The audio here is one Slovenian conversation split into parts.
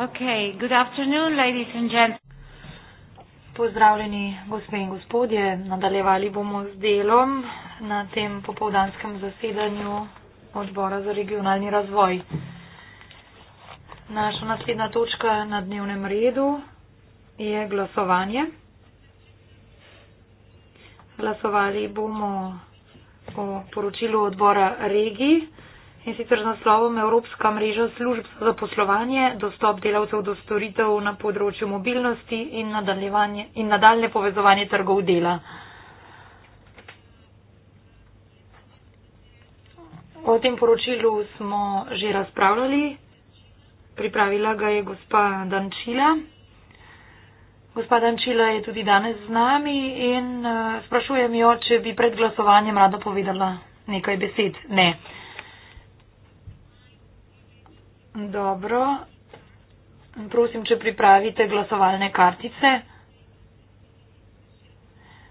Okay, good afternoon, ladies and gentlemen. Pozdravljeni, gospe in gospodje. Nadaljevali bomo z delom na tem popovdanskem zasedanju odbora za regionalni razvoj. Naša naslednja točka na dnevnem redu je glasovanje. Glasovali bomo o poročilu odbora regij in sicer z naslovom Evropska mreža služb za zaposlovanje, dostop delavcev do storitev na področju mobilnosti in, in nadaljne povezovanje trgov dela. O tem poročilu smo že razpravljali, pripravila ga je gospa Dančila. Gospa Dančila je tudi danes z nami in eh, sprašujem jo, če bi pred glasovanjem rada povedala nekaj besed. Ne. Dobro. Prosim, če pripravite glasovalne kartice.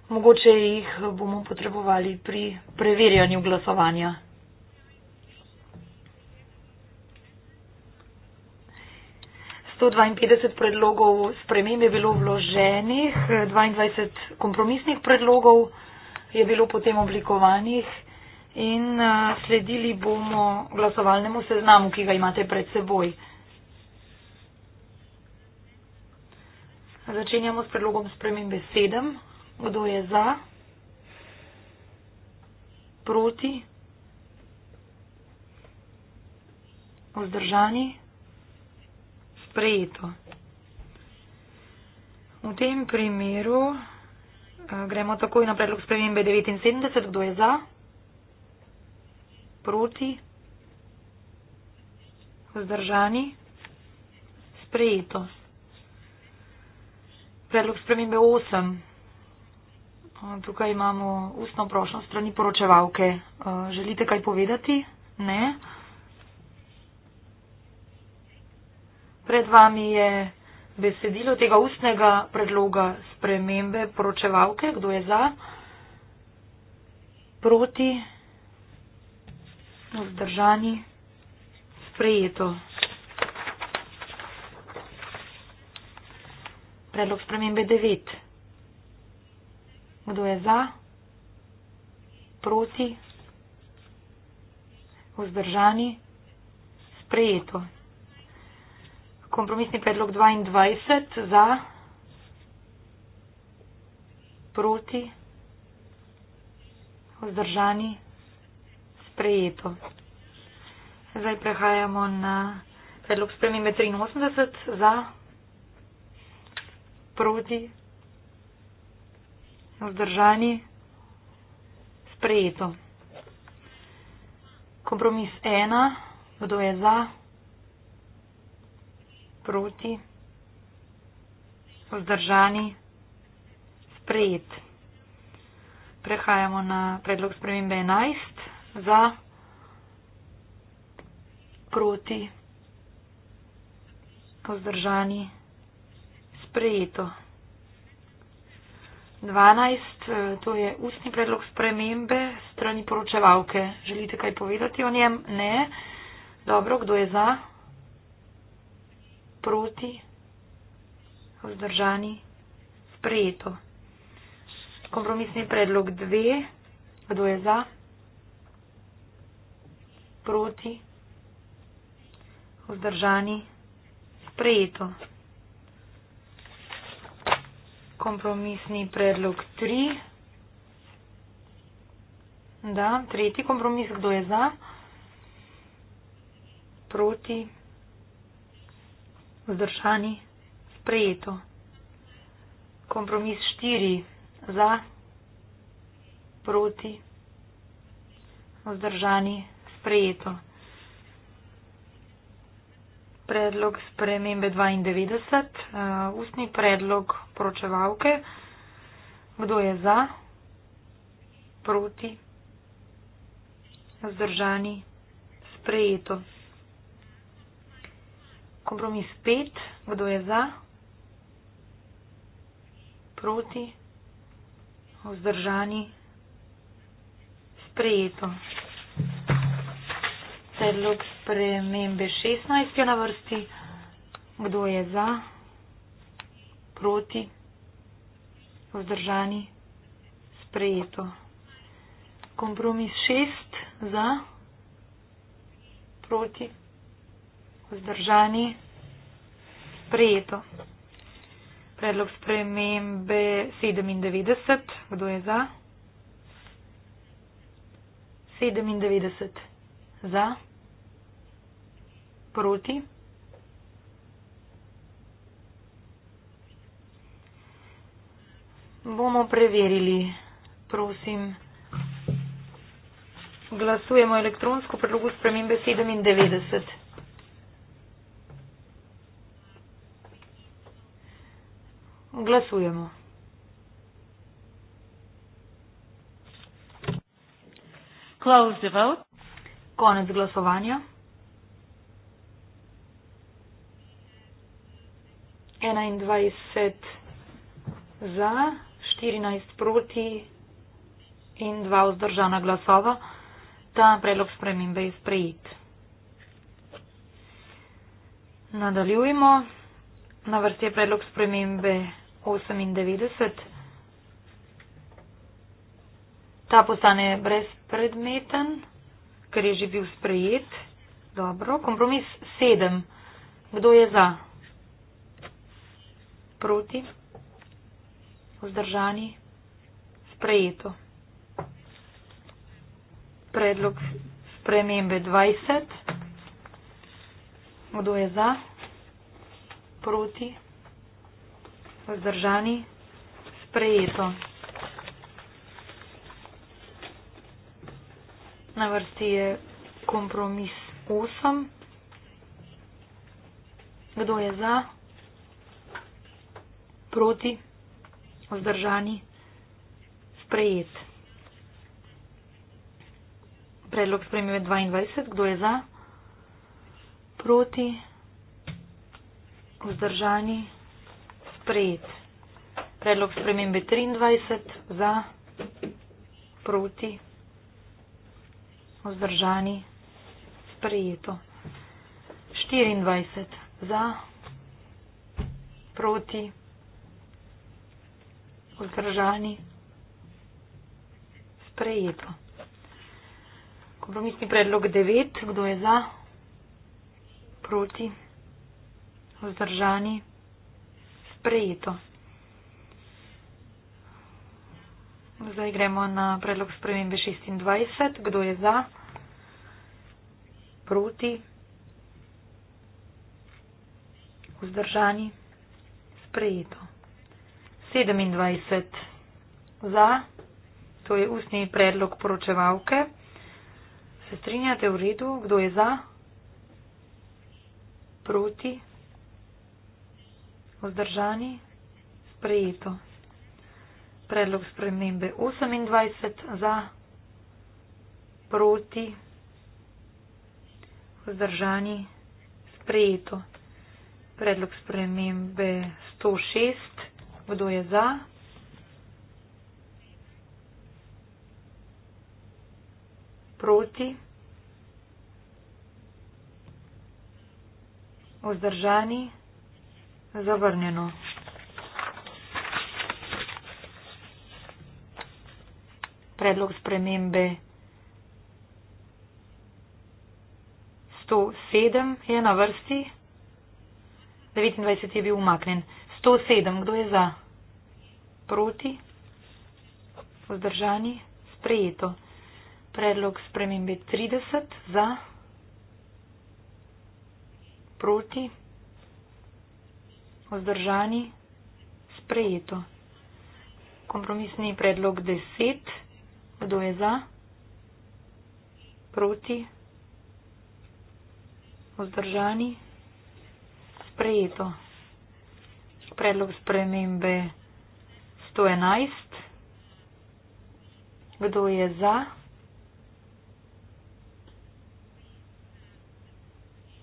Mogoče jih bomo potrebovali pri preverjanju glasovanja. dvainpetdeset predlogov sprememb je bilo vloženih, dvaindvajset kompromisnih predlogov je bilo potem oblikovanih in uh, sledili bomo glasovalnemu seznamu, ki ga imate pred seboj. Začenjamo s predlogom spremembe 7. Kdo je za? Proti? Vzdržani? Sprejeto. V tem primeru uh, gremo takoj na predlog spremembe 79. Kdo je za? proti, vzdržani, sprejeto. Predlog spremembe 8. Tukaj imamo ustno prošljo strani poročevalke. Eh, želite kaj povedati? Ne. Pred vami je besedilo tega ustnega predloga spremembe poročevalke. Kdo je za? Proti smo vzdržani, sprejeto. Predlog spremembe 9. Kdo je za, proti, vzdržani, sprejeto. Kompromisni predlog 22 za, proti, vzdržani, sprejeto sprejeto. Zdaj prehajamo na predlog spremembe 83 za proti vzdržani sprejeto. Kompromis 1, kdo je za, proti, vzdržani, sprejet. Prehajamo na predlog spremembe 11 za, proti, vzdržani, sprejeto. 12. Eh, to je ustni predlog spremembe strani poročevalke. Želite kaj povedati o njem? Ne. Dobro, kdo je za? Proti. Vzdržani. Sprejeto. Kompromisni predlog 2. Kdo je za? proti, vzdržani, sprejeto. Kompromisni predlog 3. Da, tretji kompromis, kdo je za, proti, vzdržani, sprejeto. Kompromis 4. Za, proti, vzdržani, sprejeto sprejeto. Predlog spremembe 92, uh, eh, ustni predlog poročevalke. Kdo je za, proti, zdržani, sprejeto. Kompromis 5, kdo je za, proti, vzdržani, sprejeto predlog spremembe 16 je na vrsti. Kdo je za, proti, vzdržani, sprejeto. Kompromis 6 za, proti, vzdržani, sprejeto. Predlog spremembe 97. Kdo je za? 97. Za proti. Bomo preverili, prosim. Glasujemo elektronsko predlogu spremembe 97. Glasujemo. Close the vote. Konec glasovanja. 21 za, 14 proti in 2 vzdržana glasova, ta predlog spremembe je sprejet. Nadaljujemo. Na vrsti je predlog spremembe 98. Ta postane brezpredmeten, ker je že bil sprejet. Dobro, kompromis 7. Kdo je za? proti, vzdržani, sprejeto. Predlog spremembe 20. Kdo je za, proti, vzdržani, sprejeto. Na vrsti je kompromis 8. Kdo je za? proti, vzdržani, sprejet. Predlog spremljiv je 22, kdo je za, proti, vzdržani, sprejet. Predlog spremljiv je 23, za, proti, vzdržani, sprejeto. 24, za, proti, vzdržani, sprejeto vzdržani, sprejeto. Kompromisni predlog 9. Kdo je za? Proti? Vzdržani? Sprejeto. Zdaj gremo na predlog spremembe 26. Kdo je za? Proti? Vzdržani? Sprejeto. 27 za, to je ustni predlog poročevalke. Se strinjate v redu, kdo je za, proti, vzdržani, sprejeto. Predlog spremembe 28 za, proti, vzdržani, sprejeto. Predlog spremembe 106. Kdo je za? Proti? Vzdržani? Zavrnjeno. Predlog spremembe 107 je na vrsti. 29 je bil umaknen. 107, kdo je za? proti, vzdržani, sprejeto. Predlog spremembe 30 za, proti, vzdržani, sprejeto. Kompromisni predlog 10, kdo je za, proti, vzdržani, sprejeto. Predlog spremembe 30. 111. Kdo je za?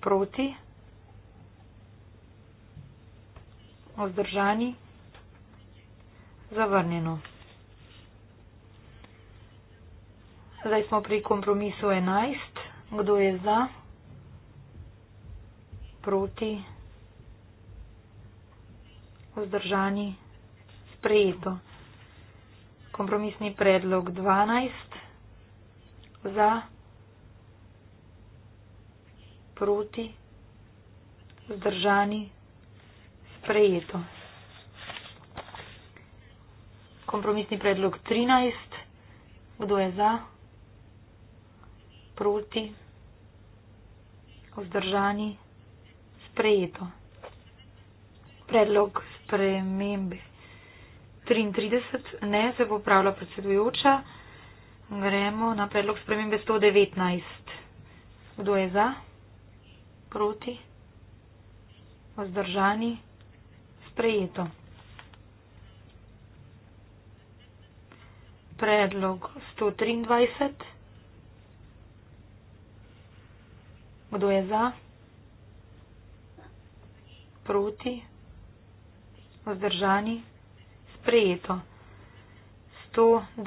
Proti? Ozdržani? Zavrnjeno. Zdaj smo pri kompromisu 11. Kdo je za? Proti? Ozdržani? Zavrnjeno sprejeto. Kompromisni predlog 12 za, proti, vzdržani, sprejeto. Kompromisni predlog 13, kdo je za, proti, vzdržani, sprejeto. Predlog spremembe. 33, ne se popravlja predsedujoča. Gremo na predlog spremembe 119. Kdo je za? Proti? Vzdržani? Sprejeto. Predlog 123. Kdo je za? Proti? Vzdržani? sprejeto. 120.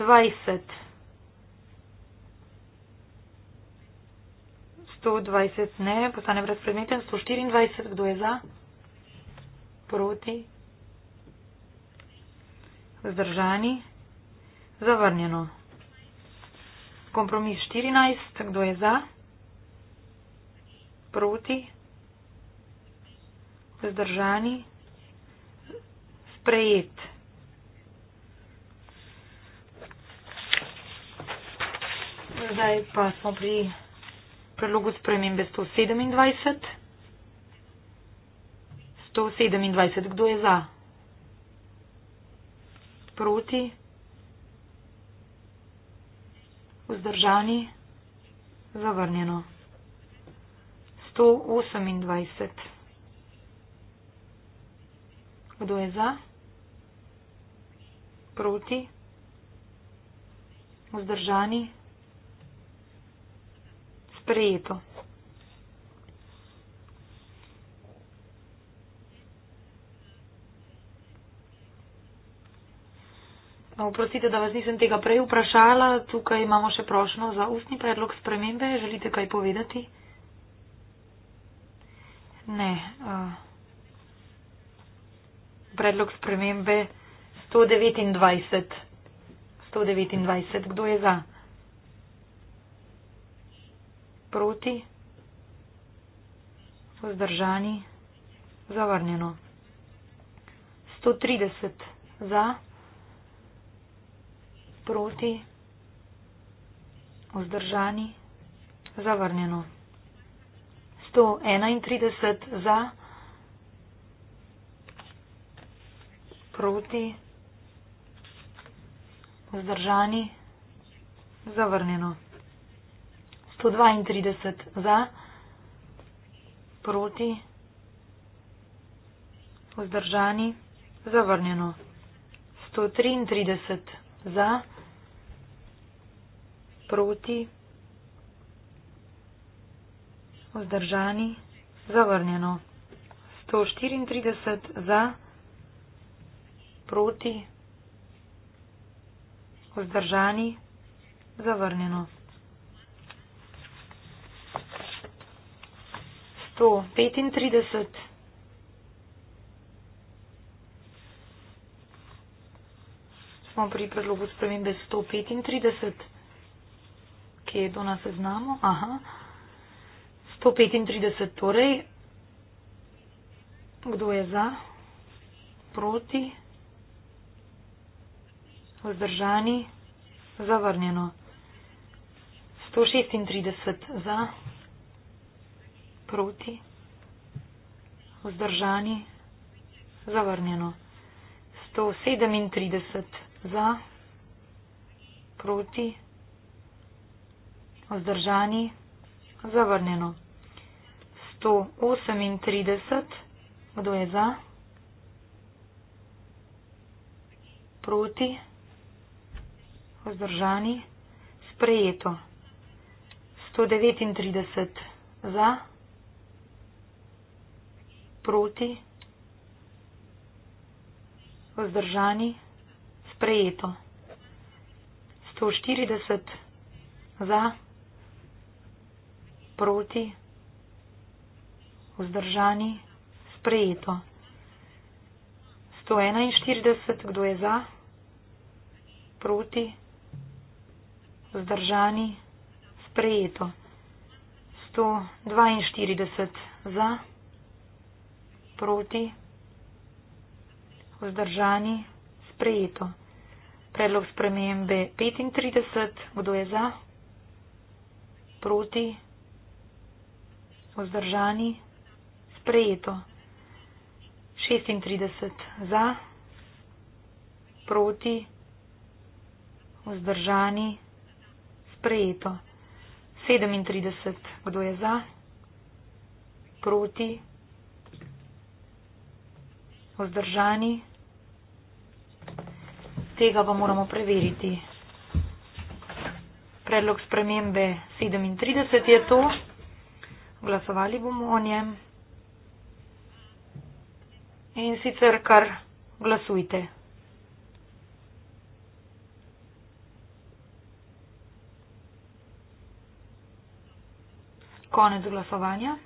120 ne, postane brezpredmeten. 124, kdo je za? Proti. Zdržani. Zavrnjeno. Kompromis 14, kdo je za? Proti. Zdržani. Sprejet. zdaj pa smo pri predlogu spremembe 127. 127. Kdo je za? Proti? Vzdržani? Zavrnjeno. 128. Kdo je za? Proti? Vzdržani? sprejeto. No, oprostite, da vas nisem tega prej vprašala. Tukaj imamo še prošlo za ustni predlog spremembe. Želite kaj povedati? Ne. Predlog spremembe 129. 129. Kdo je za? proti, vzdržani, zavrnjeno. 130 za, proti, vzdržani, zavrnjeno. 131 za, proti, vzdržani, zavrnjeno. 132 za, proti, vzdržani, zavrnjeno. 133 za, proti, vzdržani, zavrnjeno. 134 za, proti, vzdržani, zavrnjeno. 135. Smo pri predlogu spremembe 135, ki je do nas znamo. Aha. 135 torej. Kdo je za? Proti? Vzdržani? Zavrnjeno. 136 za proti, vzdržani, zavrnjeno. 137 za, proti, vzdržani, zavrnjeno. 138, kdo je za, proti, vzdržani, sprejeto. 139 za sproti, vzdržani, sprejeto. 140 za, proti, vzdržani, sprejeto. 141, kdo je za, proti, vzdržani, sprejeto. 142 za proti, vzdržani, sprejeto. Predlog spremembe 35, kdo je za, proti, vzdržani, sprejeto. 36 za, proti, vzdržani, sprejeto. 37, kdo je za, proti, vzdržani, sprejeto vzdržani. Tega pa moramo preveriti. Predlog spremembe 37 je to. Glasovali bomo o njem. In sicer kar glasujte. Konec glasovanja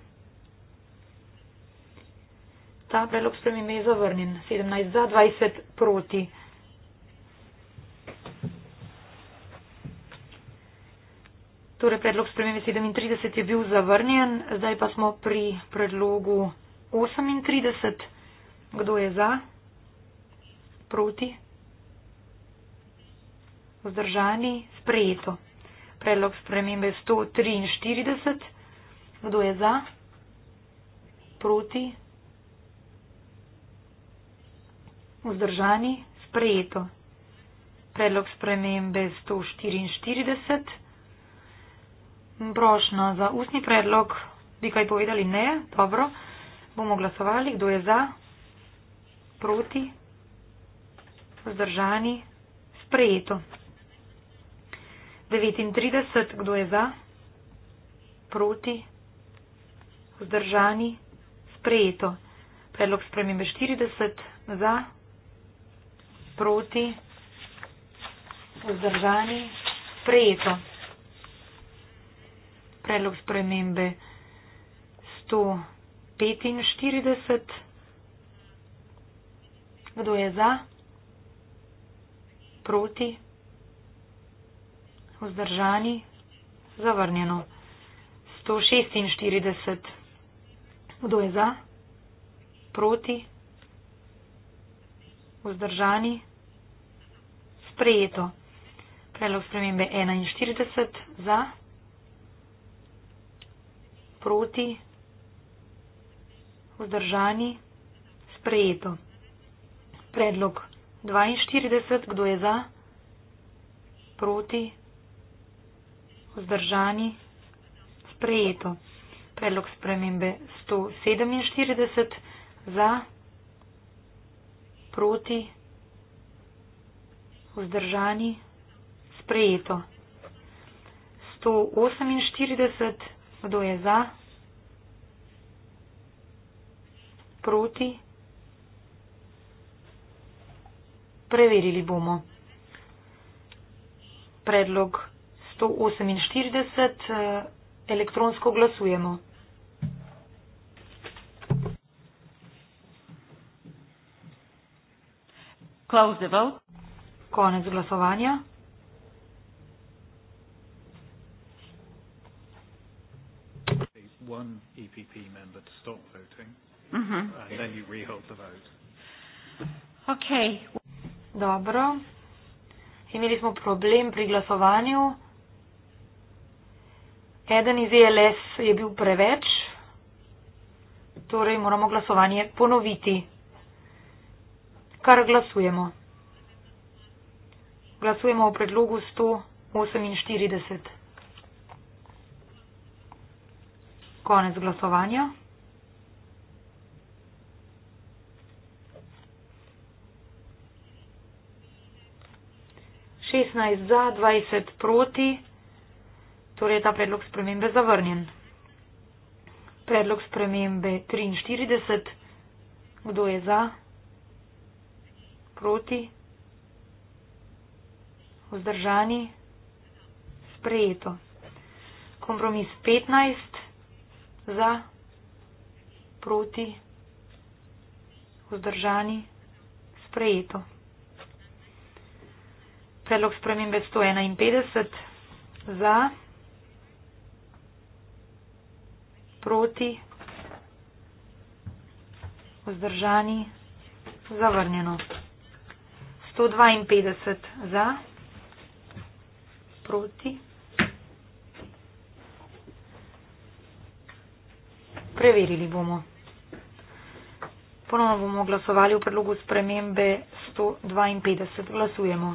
ta predlog spremembe je zavrnjen. 17 za, 20 proti. Torej, predlog spremembe 37 je bil zavrnjen, zdaj pa smo pri predlogu 38. Kdo je za? Proti? Vzdržani? Sprejeto. Predlog spremembe 143. Kdo je za? Proti? vzdržani, sprejeto. Predlog spremembe 144. Prošnja za ustni predlog, bi kaj povedali ne, dobro, bomo glasovali, kdo je za, proti, vzdržani, sprejeto. 39, kdo je za, proti, vzdržani, sprejeto. Predlog spremembe 40, za, proti, vzdržani, sprejeto. Predlog spremembe 145. Kdo je za? Proti, vzdržani, zavrnjeno. 146. Kdo je za? Proti, vzdržani sprejeto. Predlog spremembe 41 za, proti, vzdržani, sprejeto. Predlog 42, kdo je za, proti, vzdržani, sprejeto. Predlog spremembe 147 za, proti, vzdržani, sprejeto vzdržani, sprejeto. 148, kdo je za, proti, preverili bomo. Predlog 148, eh, elektronsko glasujemo. Close the vote. Konec glasovanja. E mhm. Uh -huh. Ok. Dobro. Imeli smo problem pri glasovanju. Eden iz ELS je bil preveč, torej moramo glasovanje ponoviti. Kar glasujemo? Glasujemo o predlogu 148. Konec glasovanja. šestnajst za, dvajset proti, torej je ta predlog spremembe zavrnjen. Predlog spremembe triinštirideset, kdo je za, proti vzdržani, sprejeto. Kompromis 15 za, proti, vzdržani, sprejeto. Predlog spremembe 151 za, proti, vzdržani, zavrnjeno. 152 za naproti. Preverili bomo. Ponovno bomo glasovali v predlogu spremembe 152. Glasujemo.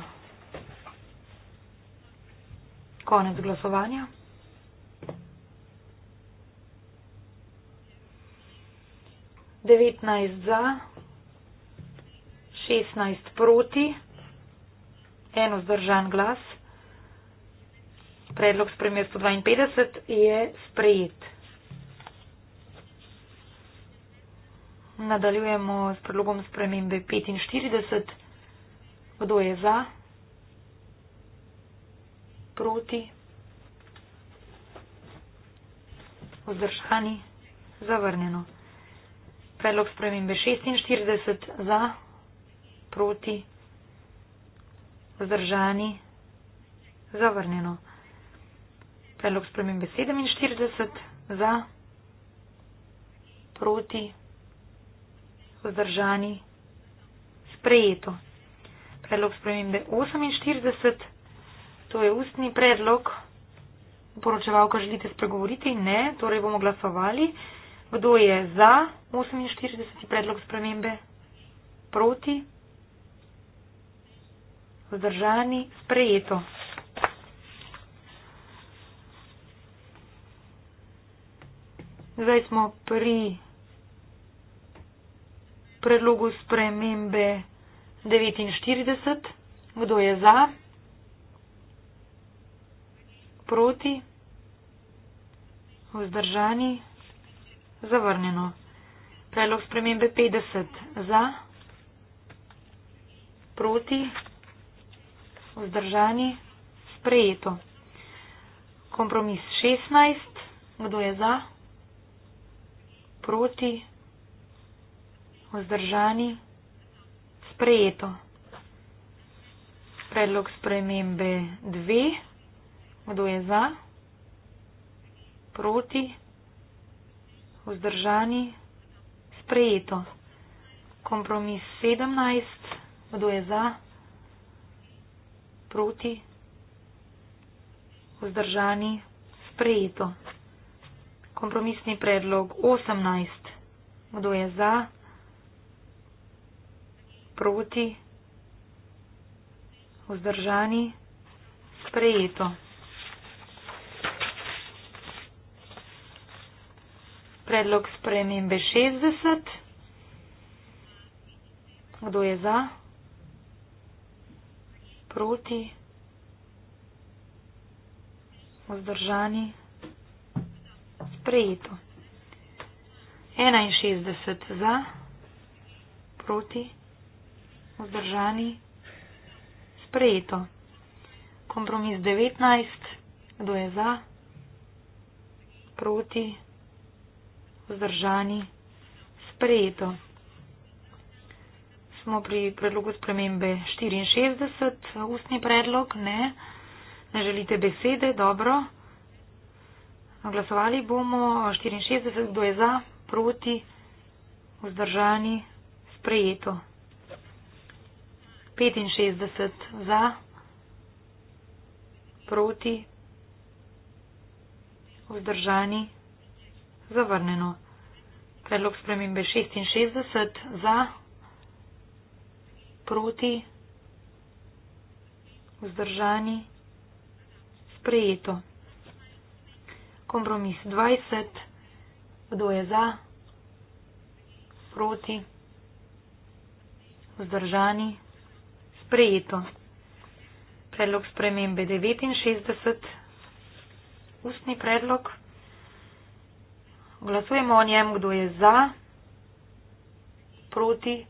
Konec glasovanja. devetnajst za, šestnajst proti, en vzdržan glas predlog spremljev 152 je sprejet. Nadaljujemo s predlogom spremembe 45. Kdo je za? Proti? Vzdržani? Zavrnjeno. Predlog spremembe 46 za, proti, vzdržani, zavrnjeno. Predlog spremembe 47 za, proti, vzdržani, sprejeto. Predlog spremembe 48, to je ustni predlog. Poročevalka želite spregovoriti? Ne, torej bomo glasovali. Kdo je za 48. predlog spremembe? Proti? Vzdržani? Sprejeto. Zdaj smo pri predlogu spremembe 49. Kdo je za? Proti? Vzdržani? Zavrnjeno. Predlog spremembe 50. Za? Proti? Vzdržani? Sprejeto. Kompromis 16. Kdo je za? proti, vzdržani, sprejeto. Predlog spremembe 2. Kdo je za? Proti, vzdržani, sprejeto. Kompromis 17. Kdo je za? Proti, vzdržani, sprejeto kompromisni predlog 18. Kdo je za? Proti? Vzdržani? Sprejeto. Predlog spremembe 60. Kdo je za? Proti? Vzdržani? sprejeto. 61 za, proti, vzdržani, sprejeto. Kompromis 19, kdo je za, proti, vzdržani, sprejeto. Smo pri predlogu spremembe 64, ustni predlog, ne, ne želite besede, dobro. Glasovali bomo 64, kdo je za, proti, vzdržani, sprejeto. 65 za, proti, vzdržani, zavrneno. Predlog spremembe 66 za, proti, vzdržani, sprejeto kompromis 20, kdo je za, proti, vzdržani, sprejeto. Predlog spremembe 69, ustni predlog. Glasujemo o njem, kdo je za, proti,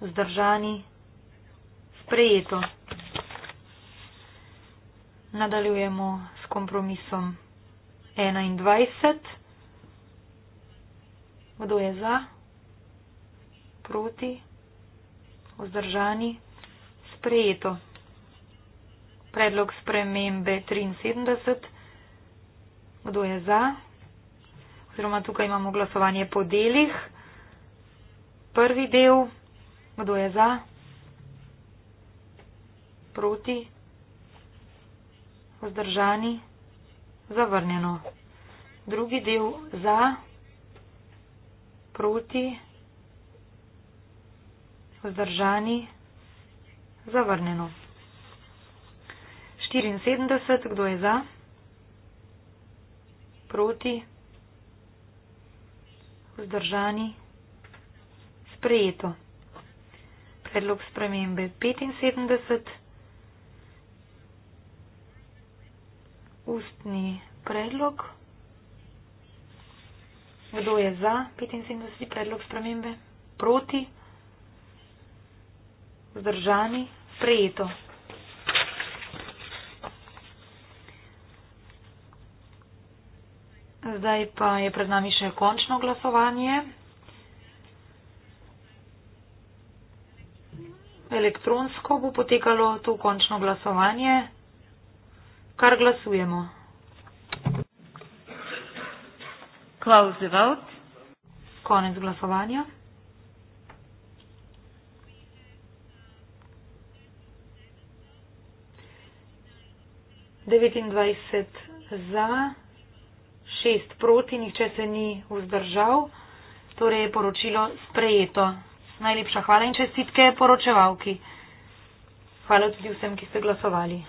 vzdržani, sprejeto. Nadaljujemo kompromisom. 21. Kdo je za? Proti? Vzdržani? Sprejeto. Predlog spremembe 73. Kdo je za? Oziroma tukaj imamo glasovanje po delih. Prvi del. Kdo je za? Proti? Vzdržani? zavrnjeno. Drugi del za, proti, vzdržani, zavrnjeno. 74, kdo je za, proti, vzdržani, sprejeto. Predlog spremembe 75. ustni predlog. Kdo je za 75. predlog spremembe? Proti? Zdržani? Prejeto. Zdaj pa je pred nami še končno glasovanje. Elektronsko bo potekalo to končno glasovanje kar glasujemo. Close the vote. Konec glasovanja. devetindvajset za, šest proti, nihče se ni vzdržal, torej je poročilo sprejeto. Najlepša hvala in čestitke poročevalki. Hvala tudi vsem, ki ste glasovali.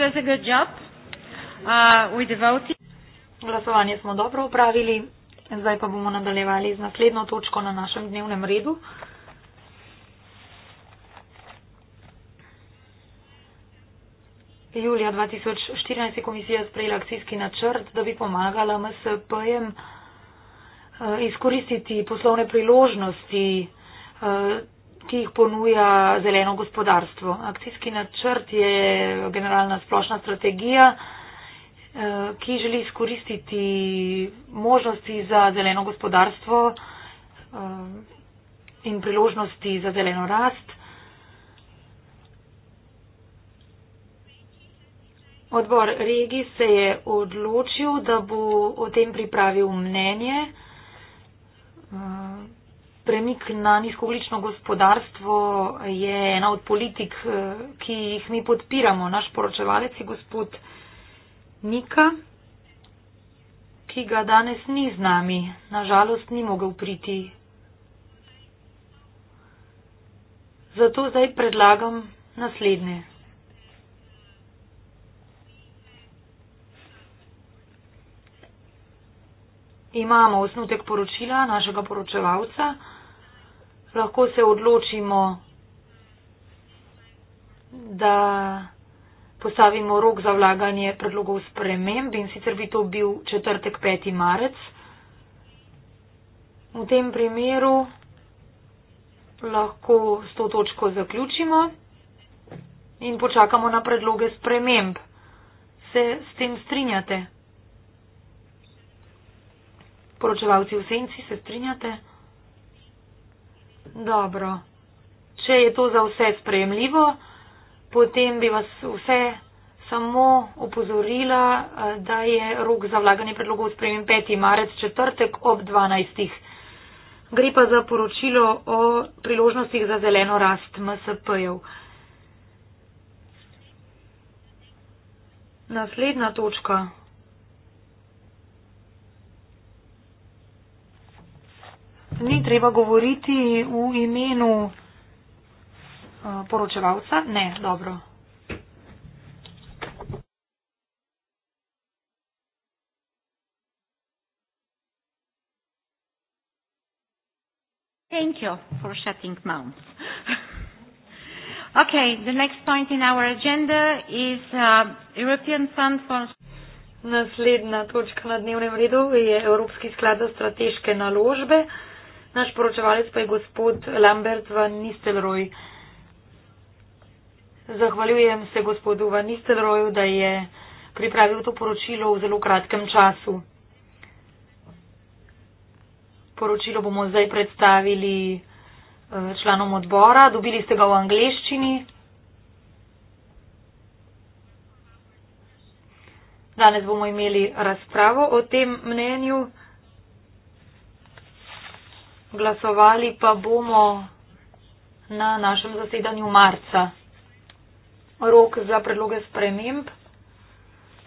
does a good job uh, with the voting. Glasovanje smo dobro upravili. Zdaj pa bomo nadaljevali z naslednjo točko na našem dnevnem redu. Julija 2014 je komisija sprejela akcijski načrt, da bi pomagala MSP-jem eh, izkoristiti poslovne priložnosti eh, ki jih ponuja zeleno gospodarstvo. Akcijski načrt je generalna splošna strategija, eh, ki želi izkoristiti možnosti za zeleno gospodarstvo eh, in priložnosti za zeleno rast. Odbor regi se je odločil, da bo o tem pripravil mnenje. Eh, premik na nizkoglično gospodarstvo je ena od politik, eh, ki jih mi podpiramo. Naš poročevalec je gospod Nika, ki ga danes ni z nami. Nažalost, ni mogel priti. Zato zdaj predlagam naslednje. Imamo osnutek poročila našega poročevalca lahko se odločimo, da postavimo rok za vlaganje predlogov sprememb in sicer bi to bil četrtek 5. marec. V tem primeru lahko s to točko zaključimo in počakamo na predloge sprememb. Se s tem strinjate? Poročevalci v senci se strinjate? Dobro. Če je to za vse sprejemljivo, potem bi vas vse samo upozorila, eh, da je rok za vlaganje predlogov sprejem 5. marec četrtek ob 12. Gre pa za poročilo o priložnostih za zeleno rast MSP-jev. Naslednja točka. ni treba govoriti v imenu uh, poročevalca. Ne, dobro. Thank you for shutting mouth. okay, the next point in our agenda is uh, European Fund for... Naslednja točka na dnevnem redu je Evropski sklad za strateške naložbe. Uh, Naš poročevalec pa je gospod Lambert van Nistelrooy. Zahvaljujem se gospodu van Nistelrooyu, da je pripravil to poročilo v zelo kratkem času. Poročilo bomo zdaj predstavili eh, članom odbora. Dobili ste ga v angleščini. Danes bomo imeli razpravo o tem mnenju glasovali pa bomo na našem zasedanju marca. Rok za predloge sprememb,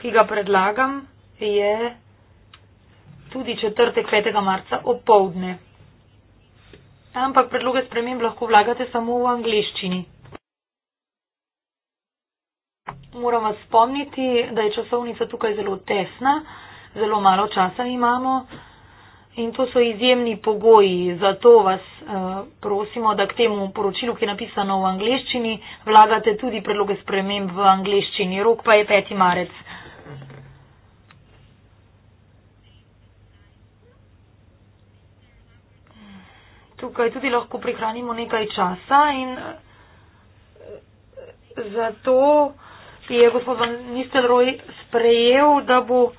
ki ga predlagam, je tudi četrtek 5. marca opovdne. Ampak predloge sprememb lahko vlagate samo v angliščini. Moram vas spomniti, da je časovnica tukaj zelo tesna, zelo malo časa imamo. In to so izjemni pogoji, zato vas uh, prosimo, da k temu poročilu, ki je napisano v angleščini, vlagate tudi predloge sprememb v angleščini. Rok pa je 5. marec. Tukaj tudi lahko prihranimo nekaj časa in eh, zato je gospod Van Nistelrooy sprejel, da bo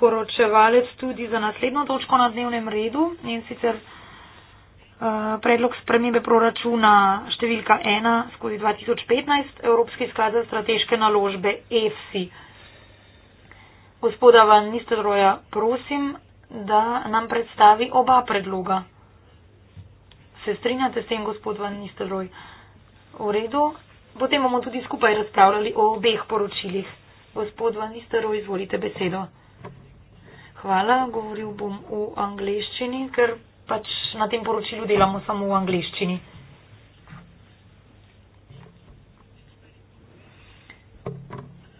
poročevalec tudi za naslednjo točko na dnevnem redu in sicer uh, predlog spremembe proračuna številka 1 skozi 2015 Evropski sklad za strateške naložbe EFSI. Gospoda Van Nistelroja, prosim, da nam predstavi oba predloga. Se strinjate s tem, gospod Van Nistelroj? V redu. Potem bomo tudi skupaj razpravljali o obeh poročilih. Gospod Van Nistelroj, izvolite besedo hvala. Govoril bom v angliščini, ker pač na tem poročilu delamo samo v angliščini.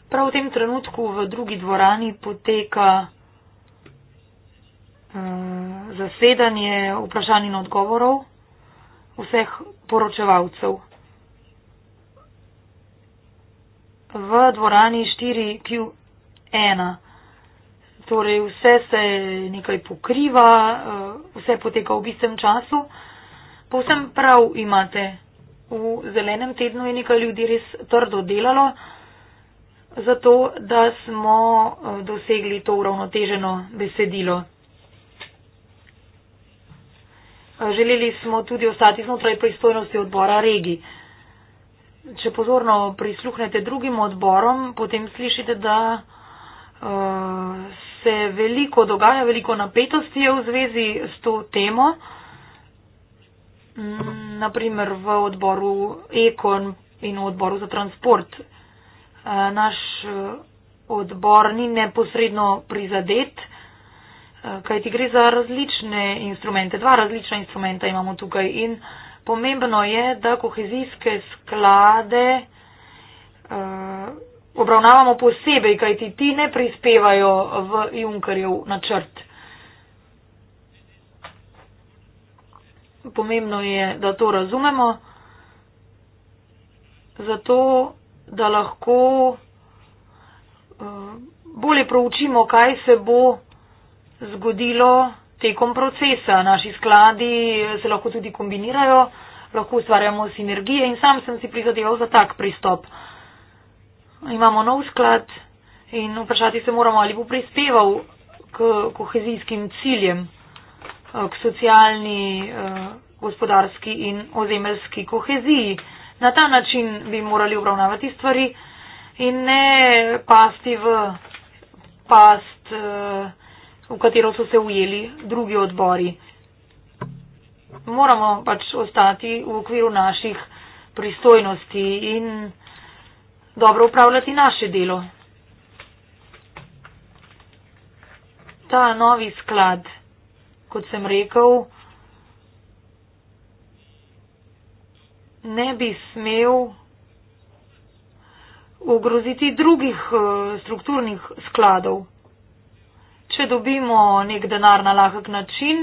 Prav v tem trenutku v drugi dvorani poteka eh, zasedanje vprašanj in odgovorov vseh poročevalcev. V dvorani 4Q1 torej vse se nekaj pokriva, eh, vse poteka v istem času. Povsem prav imate. V zelenem tednu je nekaj ljudi res trdo delalo, zato da smo eh, dosegli to uravnoteženo besedilo. Eh, želeli smo tudi ostati znotraj pristojnosti odbora regi. Če pozorno prisluhnete drugim odborom, potem slišite, da uh, se veliko dogaja, veliko napetosti je v zvezi s to temo. Mm, Naprimer v odboru Ekon in v odboru za transport. Eh, naš eh, odbor ni neposredno prizadet, eh, kaj ti gre za različne instrumente. Dva različna instrumenta imamo tukaj in pomembno je, da kohezijske sklade. Uh, obravnavamo posebej, kajti ti ne prispevajo v Junkerjev načrt. Pomembno je, da to razumemo, zato da lahko eh, bolje proučimo, kaj se bo zgodilo tekom procesa. Naši skladi eh, se lahko tudi kombinirajo, lahko ustvarjamo sinergije in sam sem si prizadeval za tak pristop imamo nov sklad in vprašati se moramo, ali bo prispeval k kohezijskim ciljem, eh, k socialni, eh, gospodarski in ozemeljski koheziji. Na ta način bi morali obravnavati stvari in ne pasti v past, eh, v katero so se ujeli drugi odbori. Moramo pač ostati v okviru naših pristojnosti in dobro upravljati naše delo. Ta novi sklad, kot sem rekel, ne bi smel ogroziti drugih eh, strukturnih skladov. Če dobimo nek denar na lahek način,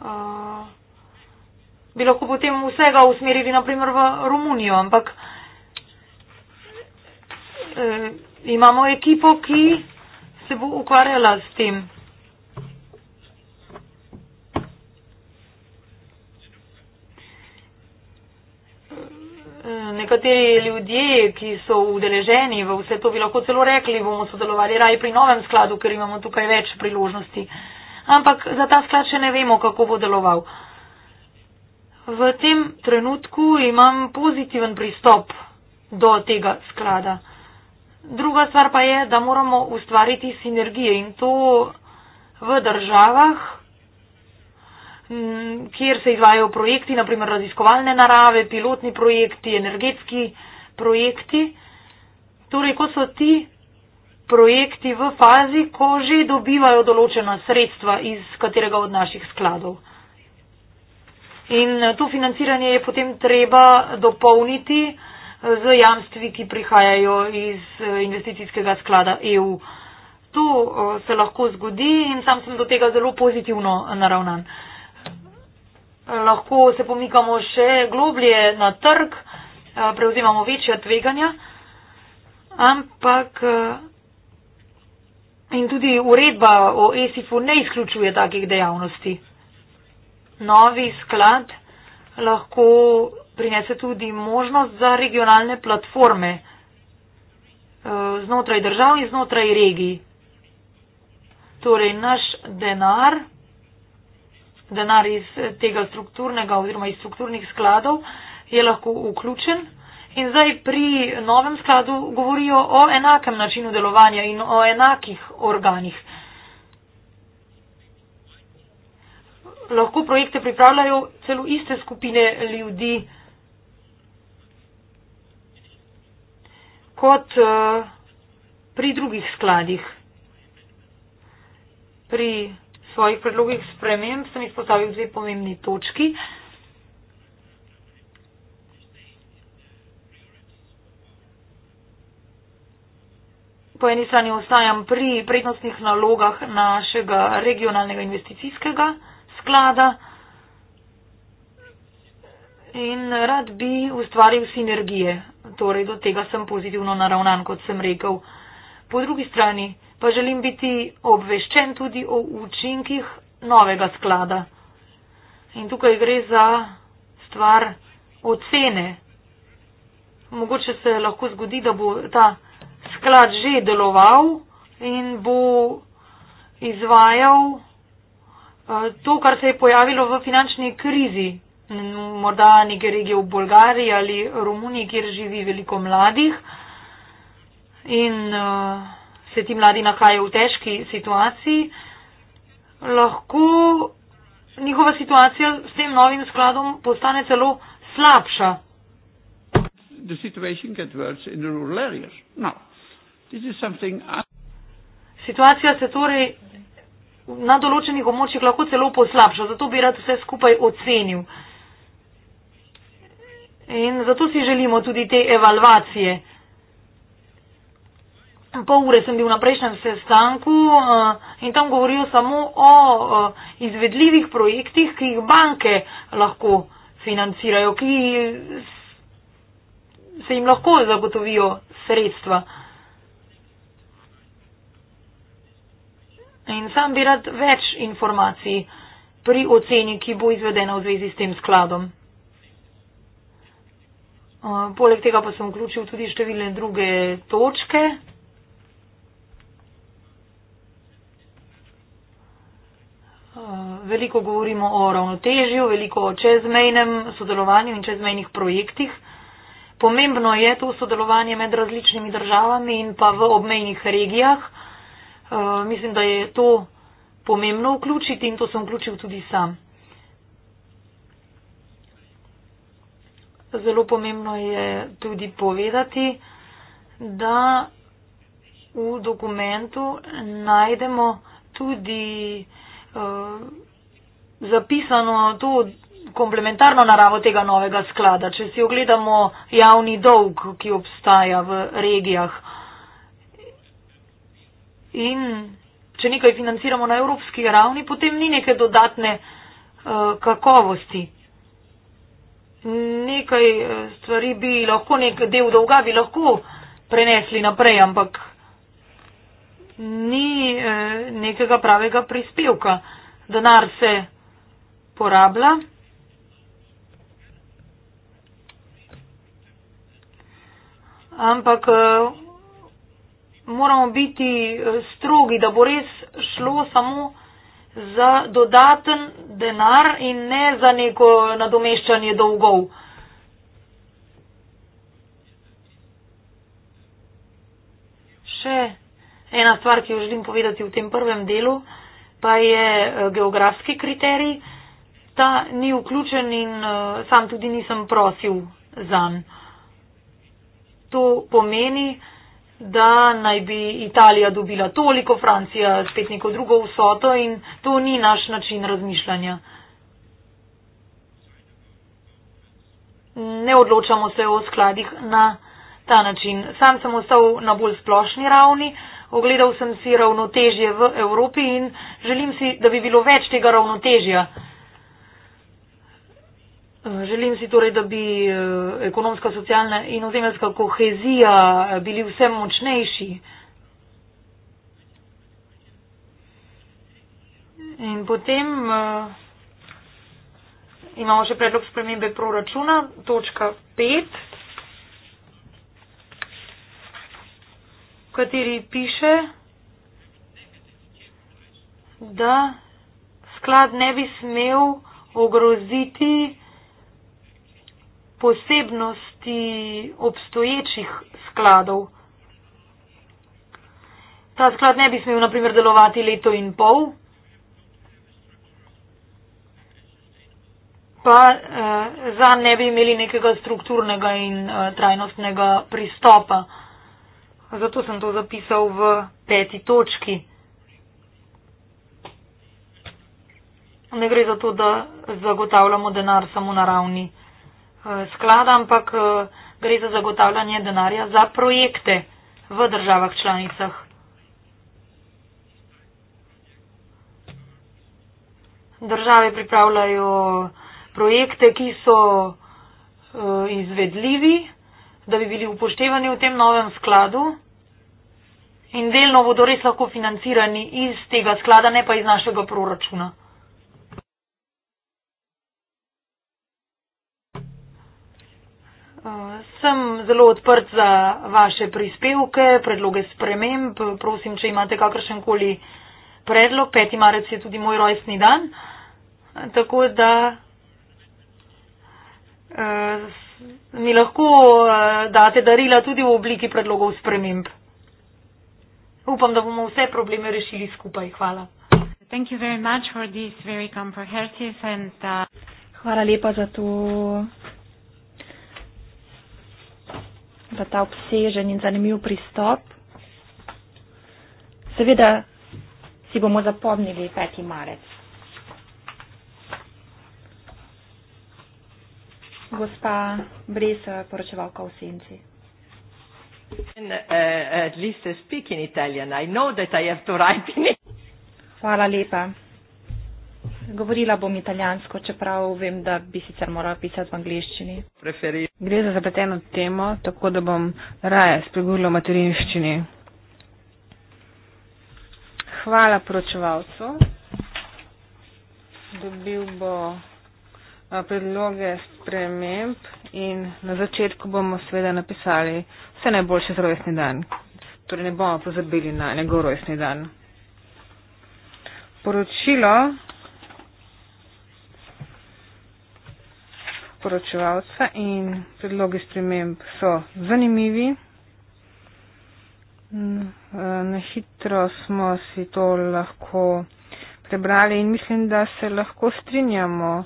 uh, bi lahko potem vsega usmerili naprimer v Romunijo, ampak eh, imamo ekipo, ki se bo ukvarjala s tem. Eh, nekateri ljudje, ki so udeleženi v vse to, bi lahko celo rekli, bomo sodelovali raj pri novem skladu, ker imamo tukaj več priložnosti. Ampak za ta sklad še ne vemo, kako bo deloval. V tem trenutku imam pozitiven pristop do tega sklada. Druga stvar pa je, da moramo ustvariti sinergije in to v državah, mm, kjer se izvajo projekti, naprimer raziskovalne narave, pilotni projekti, energetski projekti. Torej, ko so ti projekti v fazi, ko že dobivajo določena sredstva iz katerega od naših skladov. In to financiranje je potem treba dopolniti z jamstvi, ki prihajajo iz eh, investicijskega sklada EU. To eh, se lahko zgodi in sam sem do tega zelo pozitivno naravnan. Lahko se pomikamo še globlje na trg, eh, prevzemamo večja tveganja, ampak in tudi uredba o ESIF-u ne izključuje takih dejavnosti. Novi sklad lahko prinese tudi možnost za regionalne platforme eh, znotraj držav in znotraj regij. Torej, naš denar, denar iz tega strukturnega oziroma iz strukturnih skladov je lahko vključen in zdaj pri novem skladu govorijo o enakem načinu delovanja in o enakih organih. Lahko projekte pripravljajo celo iste skupine ljudi. kot eh, pri drugih skladih. Pri svojih predlogih sprememb sem izpostavil dve pomembni točki. Po eni strani ostajam pri prednostnih nalogah našega regionalnega investicijskega sklada in rad bi ustvaril sinergije, torej do tega sem pozitivno naravnan, kot sem rekel. Po drugi strani pa želim biti obveščen tudi o učinkih novega sklada. In tukaj gre za stvar ocene. Mogoče se lahko zgodi, da bo ta sklad že deloval in bo izvajal eh, to, kar se je pojavilo v finančni krizi, morda neke regije v Bolgariji ali Romuniji, kjer živi veliko mladih in uh, se ti mladi nahajajo v težki situaciji, lahko njihova situacija s tem novim skladom postane celo slabša. Situacija se torej na določenih območjih lahko celo poslabša, zato bi rad vse skupaj ocenil. Uh, In zato si želimo tudi te evalvacije. Pol ure sem bil na prejšnjem sestanku eh, in tam govoril samo o eh, izvedljivih projektih, ki jih banke lahko financirajo, ki se jim lahko zagotovijo sredstva. In sam bi rad več informacij pri oceni, ki bo izvedena v zvezi s tem skladom. Uh, poleg tega pa sem vključil tudi številne druge točke. Uh, veliko govorimo o ravnotežju, veliko o čezmejnem sodelovanju in čezmejnih projektih. Pomembno je to sodelovanje med različnimi državami in pa v obmejnih regijah. Uh, mislim, da je to pomembno vključiti in to sem vključil tudi sam. zelo pomembno je tudi povedati, da v dokumentu najdemo tudi uh, zapisano to komplementarno naravo tega novega sklada. Če si ogledamo javni dolg, ki obstaja v regijah in če nekaj financiramo na evropski ravni, potem ni neke dodatne uh, kakovosti nekaj eh, stvari bi lahko, nek del dolga bi lahko prenesli naprej, ampak ni eh, nekega pravega prispevka. Denar se porablja. Ampak eh, moramo biti strogi, da bo res šlo samo za dodaten denar in ne za neko nadomeščanje dolgov. Še ena stvar, ki jo želim povedati v tem prvem delu, pa je eh, geografski kriterij. Ta ni vključen in eh, sam tudi nisem prosil zanj. To pomeni, da naj bi Italija dobila toliko, Francija spet neko drugo vsoto in to ni naš način razmišljanja. Ne odločamo se o skladih na ta način. Sam sem ostal na bolj splošni ravni, ogledal sem si ravnotežje v Evropi in želim si, da bi bilo več tega ravnotežja. Eh, želim si torej, da bi eh, ekonomska, socialna in ozemeljska kohezija eh, bili vse močnejši. In potem uh, imamo še predlog spremembe proračuna, točka 5, v kateri piše, da sklad ne bi smel ogroziti posebnosti obstoječih skladov. Ta sklad ne bi smel, naprimer, delovati leto in pol, pa eh, za ne bi imeli nekega strukturnega in eh, trajnostnega pristopa. Zato sem to zapisal v peti točki. Ne gre za to, da zagotavljamo denar samo na ravni. Eh, sklada, ampak eh, gre za zagotavljanje denarja za projekte v državah članicah. Države pripravljajo projekte, ki so eh, izvedljivi, da bi bili upoštevani v tem novem skladu. In delno bodo res lahko financirani iz tega sklada, ne pa iz našega proračuna. Sem zelo odprt za vaše prispevke, predloge sprememb. Prosim, če imate kakršen koli predlog. 5. marec je tudi moj rojstni dan. Tako da eh, mi lahko eh, date darila tudi v obliki predlogov sprememb. Upam, da bomo vse probleme rešili skupaj. Hvala. Thank you very much for this very comprehensive and uh... Hvala lepa za to za ta obsežen in zanimiv pristop. Seveda si bomo zapomnili 5. marec. Gospa Bresa, poročevalka v senci. And, uh, at least I speak in Italian. I know that I have to write in it. Hvala lepa. Govorila bom italijansko, čeprav vem, da bi sicer morala pisati v angliščini. Preferi. Gre za zapleteno temo, tako da bom raje spregovorila v materinščini. Hvala poročevalcu. Dobil bo predloge sprememb in na začetku bomo seveda napisali vse najboljše za rojstni dan. Torej ne bomo pozabili na njegov rojstni dan. Poročilo poročevalca in predlogi sprememb so zanimivi. Na hitro smo si to lahko prebrali in mislim, da se lahko strinjamo eh,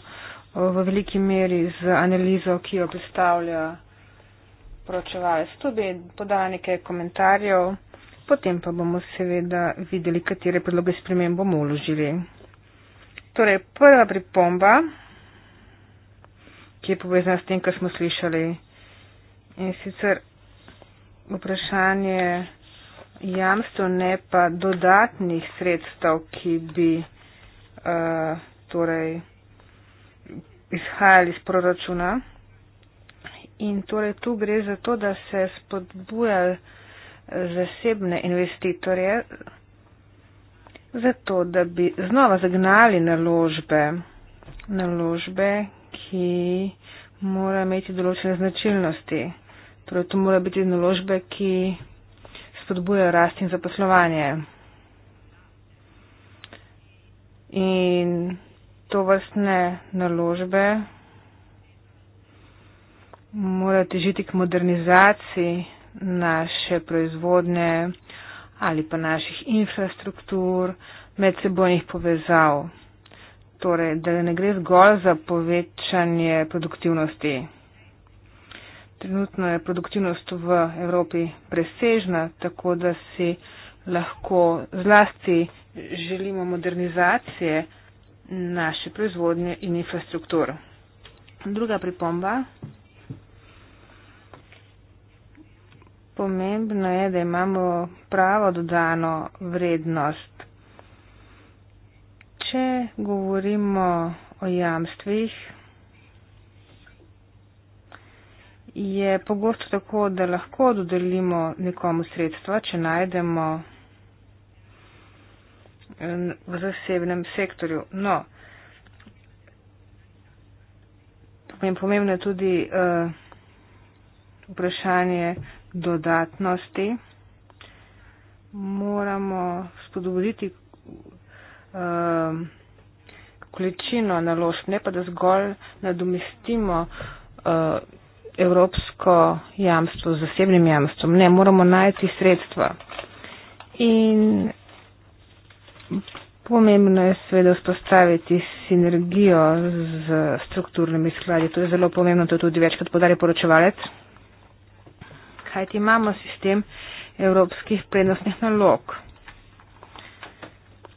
v veliki meri z analizo, ki jo predstavlja poročevalec. Tu bi podala nekaj komentarjev, potem pa bomo seveda videli, katere predloge sprememb bomo vložili. Torej, prva pripomba ki je povezana s tem, kar smo slišali. In sicer vprašanje jamstva, ne pa dodatnih sredstev, ki bi uh, torej izhajali iz proračuna. In torej tu gre za to, da se spodbuja zasebne investitorje zato, da bi znova zagnali naložbe, naložbe, ki mora imeti določene značilnosti. Torej, to mora biti naložbe, ki spodbujajo rast in zaposlovanje. In to vrstne naložbe morajo težiti k modernizaciji naše proizvodne ali pa naših infrastruktur, medsebojnih povezav torej, da ne gre zgolj za povečanje produktivnosti. Trenutno je produktivnost v Evropi presežna, tako da si lahko zlasti želimo modernizacije naše proizvodnje in infrastruktur. Druga pripomba. Pomembno je, da imamo pravo dodano vrednost, če govorimo o jamstvih, je pogosto tako, da lahko dodelimo nekomu sredstva, če najdemo v zasebnem sektorju. No, pomembno je tudi uh, vprašanje dodatnosti. Moramo spodobuditi um, količino naložb, ne pa da zgolj nadomestimo uh, evropsko jamstvo z zasebnim jamstvom. Ne, moramo najti sredstva. In pomembno je seveda vzpostaviti sinergijo z strukturnimi skladi. To je zelo pomembno, to je tudi večkrat podarja poročevalec. Kajti imamo sistem evropskih prednostnih nalog.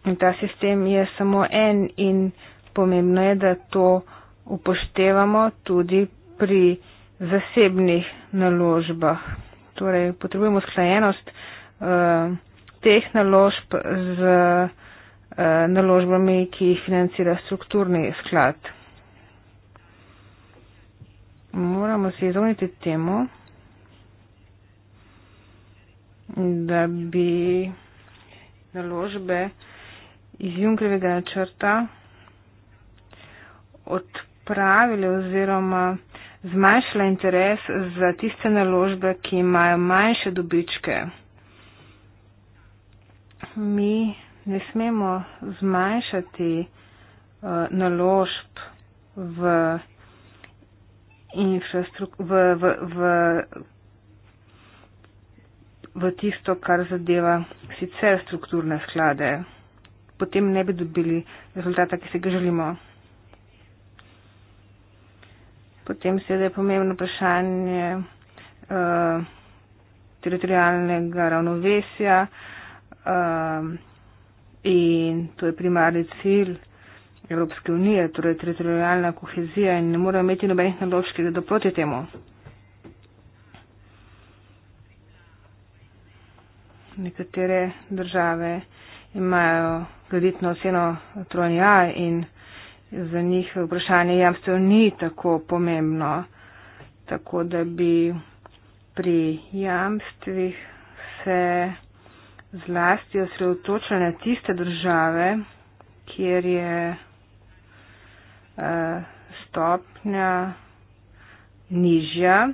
In ta sistem je samo en in pomembno je, da to upoštevamo tudi pri zasebnih naložbah. Torej, potrebujemo sklajenost uh, eh, teh naložb z uh, naložbami, ki jih financira strukturni sklad. Moramo se izogniti temu, da bi naložbe uh, iz Junkrevega načrta odpravile oziroma zmanjšala interes za tiste naložbe, ki imajo manjše dobičke. Mi ne smemo zmanjšati uh, naložb v, v, v, v, v tisto, kar zadeva sicer strukturne sklade potem ne bi dobili rezultata, ki se ga želimo. Potem seveda je pomembno vprašanje uh, eh, teritorijalnega ravnovesja uh, in to je primarni cilj Evropske unije, torej teritorijalna kohezija in ne moramo imeti nobenih naložb, ki gredo proti temu. Nekatere države imajo kreditno oceno trojni A in za njih vprašanje jamstev ni tako pomembno, tako da bi pri jamstvih se zlasti osredotočili na tiste države, kjer je uh, stopnja nižja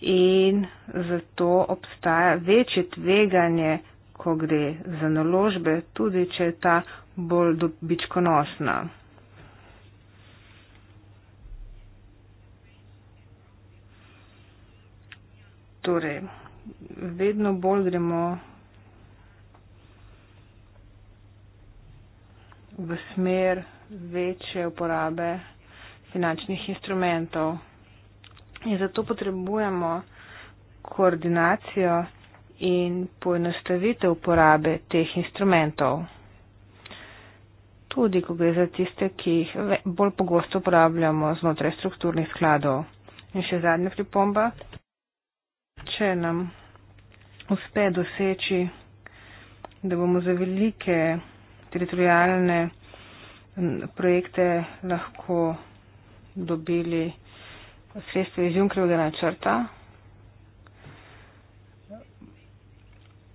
in zato obstaja večje tveganje, ko gre za naložbe, tudi če je ta bolj dobičkonosna. Torej, vedno bolj gremo v smer večje uporabe finančnih instrumentov. In zato potrebujemo koordinacijo in poenostavitev uporabe teh instrumentov. Tudi, ko gre za tiste, ki jih bolj pogosto uporabljamo znotraj strukturnih skladov. In še zadnja pripomba. Če nam uspe doseči, da bomo za velike teritorijalne projekte lahko dobili sredstva iz Junkrevega načrta,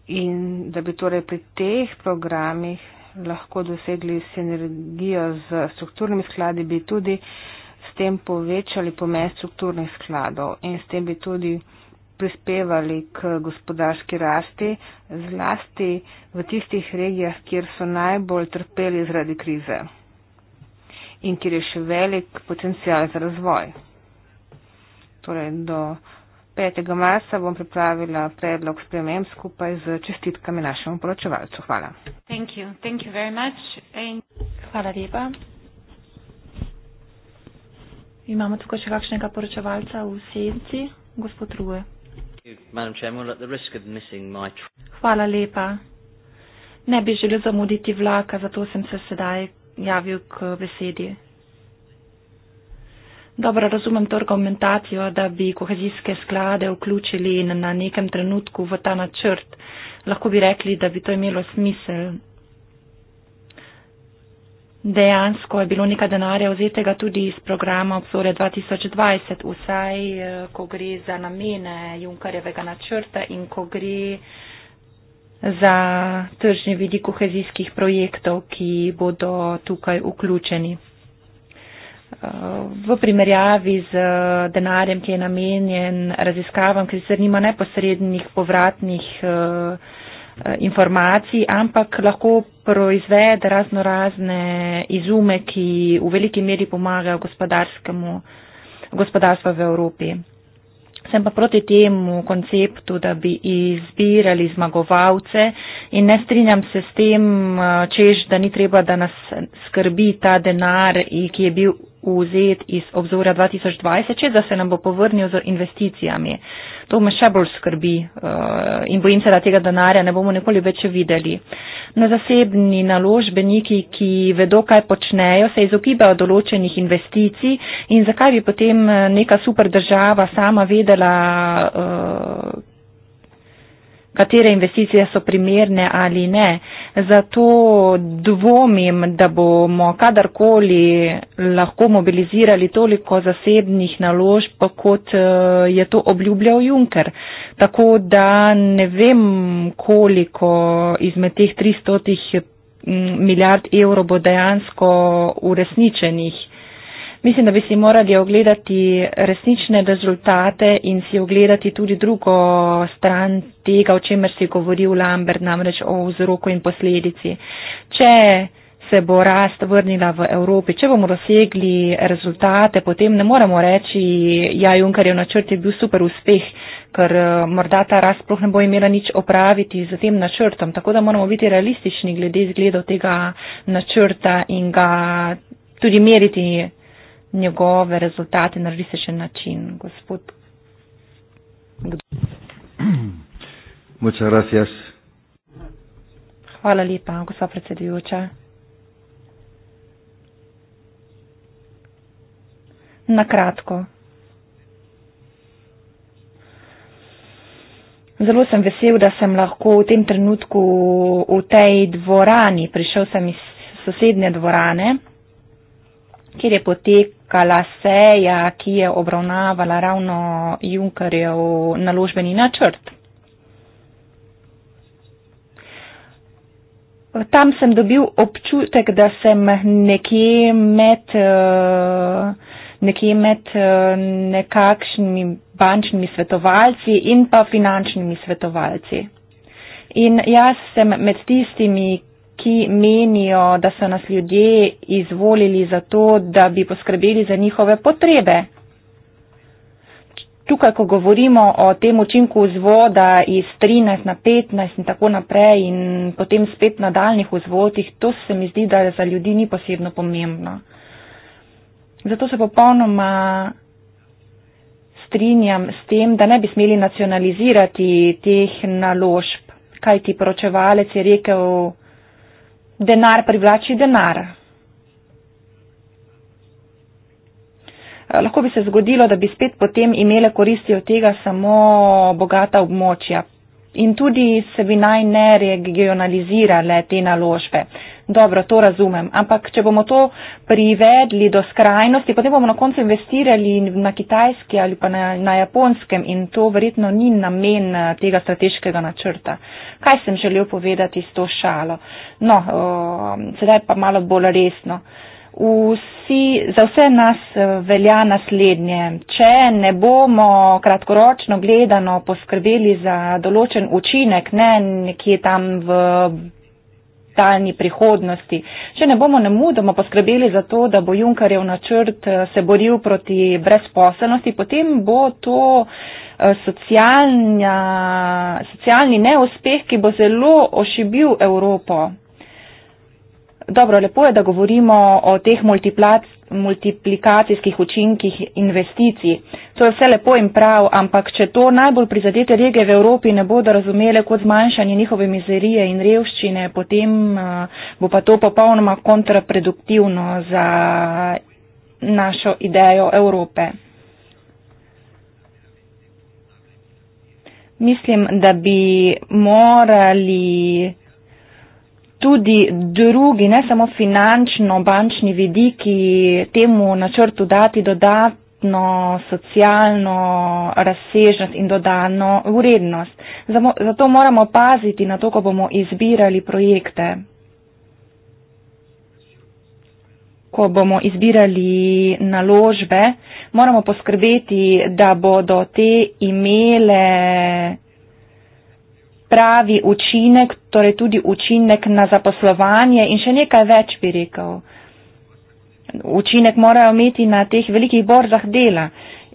in da bi torej pri teh programih lahko dosegli sinergijo z strukturnimi skladi, bi tudi s tem povečali pomen strukturnih skladov in s tem bi tudi prispevali k gospodarski rasti, zlasti v tistih regijah, kjer so najbolj trpeli zaradi krize in kjer je še velik potencial za razvoj. Torej, do 5. marca bom pripravila predlog spremem skupaj z čestitkami našemu poročevalcu. Hvala. Thank you. Thank you very much. And... Hvala lepa. Imamo tukaj še kakšnega poročevalca v senci, gospod Ruje. Hvala lepa. Ne bi želel zamuditi vlaka, zato sem se sedaj javil k besedi. Dobro, razumem to argumentacijo, da bi kohezijske sklade vključili na nekem trenutku v ta načrt. Lahko bi rekli, da bi to imelo smisel. Dejansko je bilo nekaj denarja vzetega tudi iz programa obzore 2020, vsaj eh, ko gre za namene Junkarjevega načrta in ko gre za tržni vidik kohezijskih projektov, ki bodo tukaj vključeni v primerjavi z eh, denarjem, ki je namenjen raziskavam, ki sicer nima neposrednih povratnih eh, informacij, ampak lahko proizvede razno razne izume, ki v veliki meri pomagajo gospodarskemu gospodarstvu v Evropi sem pa proti temu konceptu, da bi izbirali zmagovalce in ne strinjam se s tem, eh, čež, da ni treba, da nas skrbi ta denar, eh, ki je bil vzet iz obzora 2020, čež, da se nam bo povrnil z investicijami. Uh, to me še bolj skrbi eh, in bojim se, da tega denarja ne bomo nikoli več videli. Na zasebni naložbeniki, ki vedo, kaj počnejo, se izogibajo določenih investicij in zakaj bi potem eh, neka super država sama vedela, eh, katere investicije so primerne ali ne. Zato dvomim, da bomo kadarkoli lahko mobilizirali toliko zasebnih naložb, kot eh, je to obljubljal Juncker. Tako da ne vem, koliko izmed teh 300 mm, milijard evrov bo dejansko uresničenih. Mislim, da bi si morali ogledati resnične rezultate in si ogledati tudi drugo stran tega, o čemer si govoril Lambert, namreč o vzroku in posledici. Če se bo rast vrnila v Evropi, če bomo dosegli rezultate, potem ne moremo reči, ja, Junkarjev načrt je bil super uspeh, ker eh, morda ta rast sploh ne bo imela nič opraviti z tem načrtom. Tako da moramo biti realistični glede izgledov tega načrta in ga tudi meriti njegove rezultate na različen način. Gospod. Močaras, jaz. Hvala lepa, gospod predsedujoča. Na kratko. Zelo sem vesel, da sem lahko v tem trenutku v tej dvorani, prišel sem iz sosednje dvorane, kjer je potek Kalaseja, ki je obravnavala ravno Junkerjev naložbeni načrt. Tam sem dobil občutek, da sem nekje med, eh, nekje med eh, nekakšnimi bančnimi svetovalci in pa finančnimi svetovalci. In jaz sem med tistimi, ki menijo, da so nas ljudje izvolili za to, da bi poskrbeli za njihove potrebe. Tukaj, ko govorimo o tem učinku vzvoda iz 13 na 15 in tako naprej in potem spet na daljnih vzvodih, to se mi zdi, da za ljudi ni posebno pomembno. Zato se popolnoma strinjam s tem, da ne bi smeli nacionalizirati teh naložb, kaj ti poročevalec je rekel, denar privlači denar. Eh, lahko bi se zgodilo, da bi spet potem imele koristi od tega samo bogata območja. In tudi se bi naj ne regionalizirale te naložbe dobro, to razumem, ampak če bomo to privedli do skrajnosti, potem bomo na koncu investirali na kitajski ali pa na, na japonskem in to verjetno ni namen eh, tega strateškega načrta. Kaj sem želel povedati s to šalo? No, o, eh, sedaj pa malo bolj resno. Vsi, za vse nas eh, velja naslednje. Če ne bomo kratkoročno gledano poskrbeli za določen učinek, ne nekje tam v digitalni prihodnosti. Če ne bomo nemudoma poskrbeli za to, da bo Junkarjev načrt eh, se boril proti brezposelnosti, potem bo to eh, socialna, socialni neuspeh, ki bo zelo ošibil Evropo. Dobro, lepo je, da govorimo o teh multiplac, multiplikacijskih učinkih investicij. To je vse lepo in prav, ampak če to najbolj prizadete regije v Evropi ne bodo razumele kot zmanjšanje njihove mizerije in revščine, potem eh, bo pa to popolnoma kontraproduktivno za našo idejo Evrope. Mislim, da bi morali tudi drugi, ne samo finančno-bančni vidiki, temu načrtu dati dodatno socialno razsežnost in dodano urednost. Zato moramo paziti na to, ko bomo izbirali projekte, ko bomo izbirali naložbe, moramo poskrbeti, da bodo te imele pravi učinek, torej tudi učinek na zaposlovanje in še nekaj več bi rekel. Učinek morajo imeti na teh velikih borzah dela.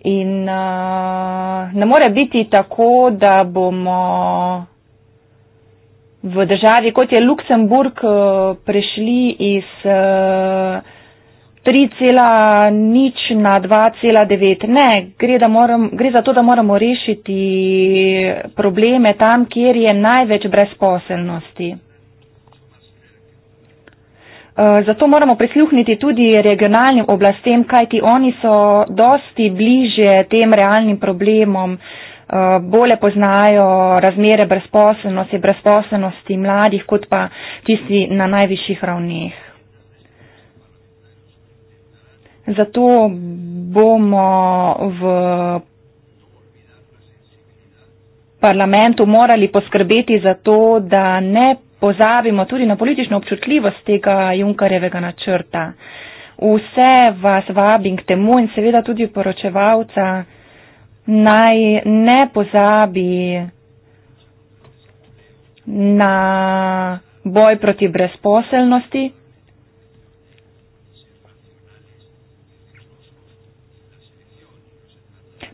In uh, ne more biti tako, da bomo v državi, kot je Luksemburg, uh, prešli iz. Uh, 3,0 nič na 2,9. Ne, gre, moram, gre za to, da moramo rešiti probleme tam, kjer je največ brezposelnosti. Eh, zato moramo prisluhniti tudi regionalnim oblastem, kajti oni so dosti bliže tem realnim problemom, eh, bolje poznajo razmere brezposelnosti, brezposelnosti mladih, kot pa tisti na najvišjih ravneh. Zato bomo v parlamentu morali poskrbeti za to, da ne pozabimo tudi na politično občutljivost tega Junkarjevega načrta. Vse vas vabim k temu in seveda tudi poročevalca naj ne pozabi na boj proti brezposelnosti.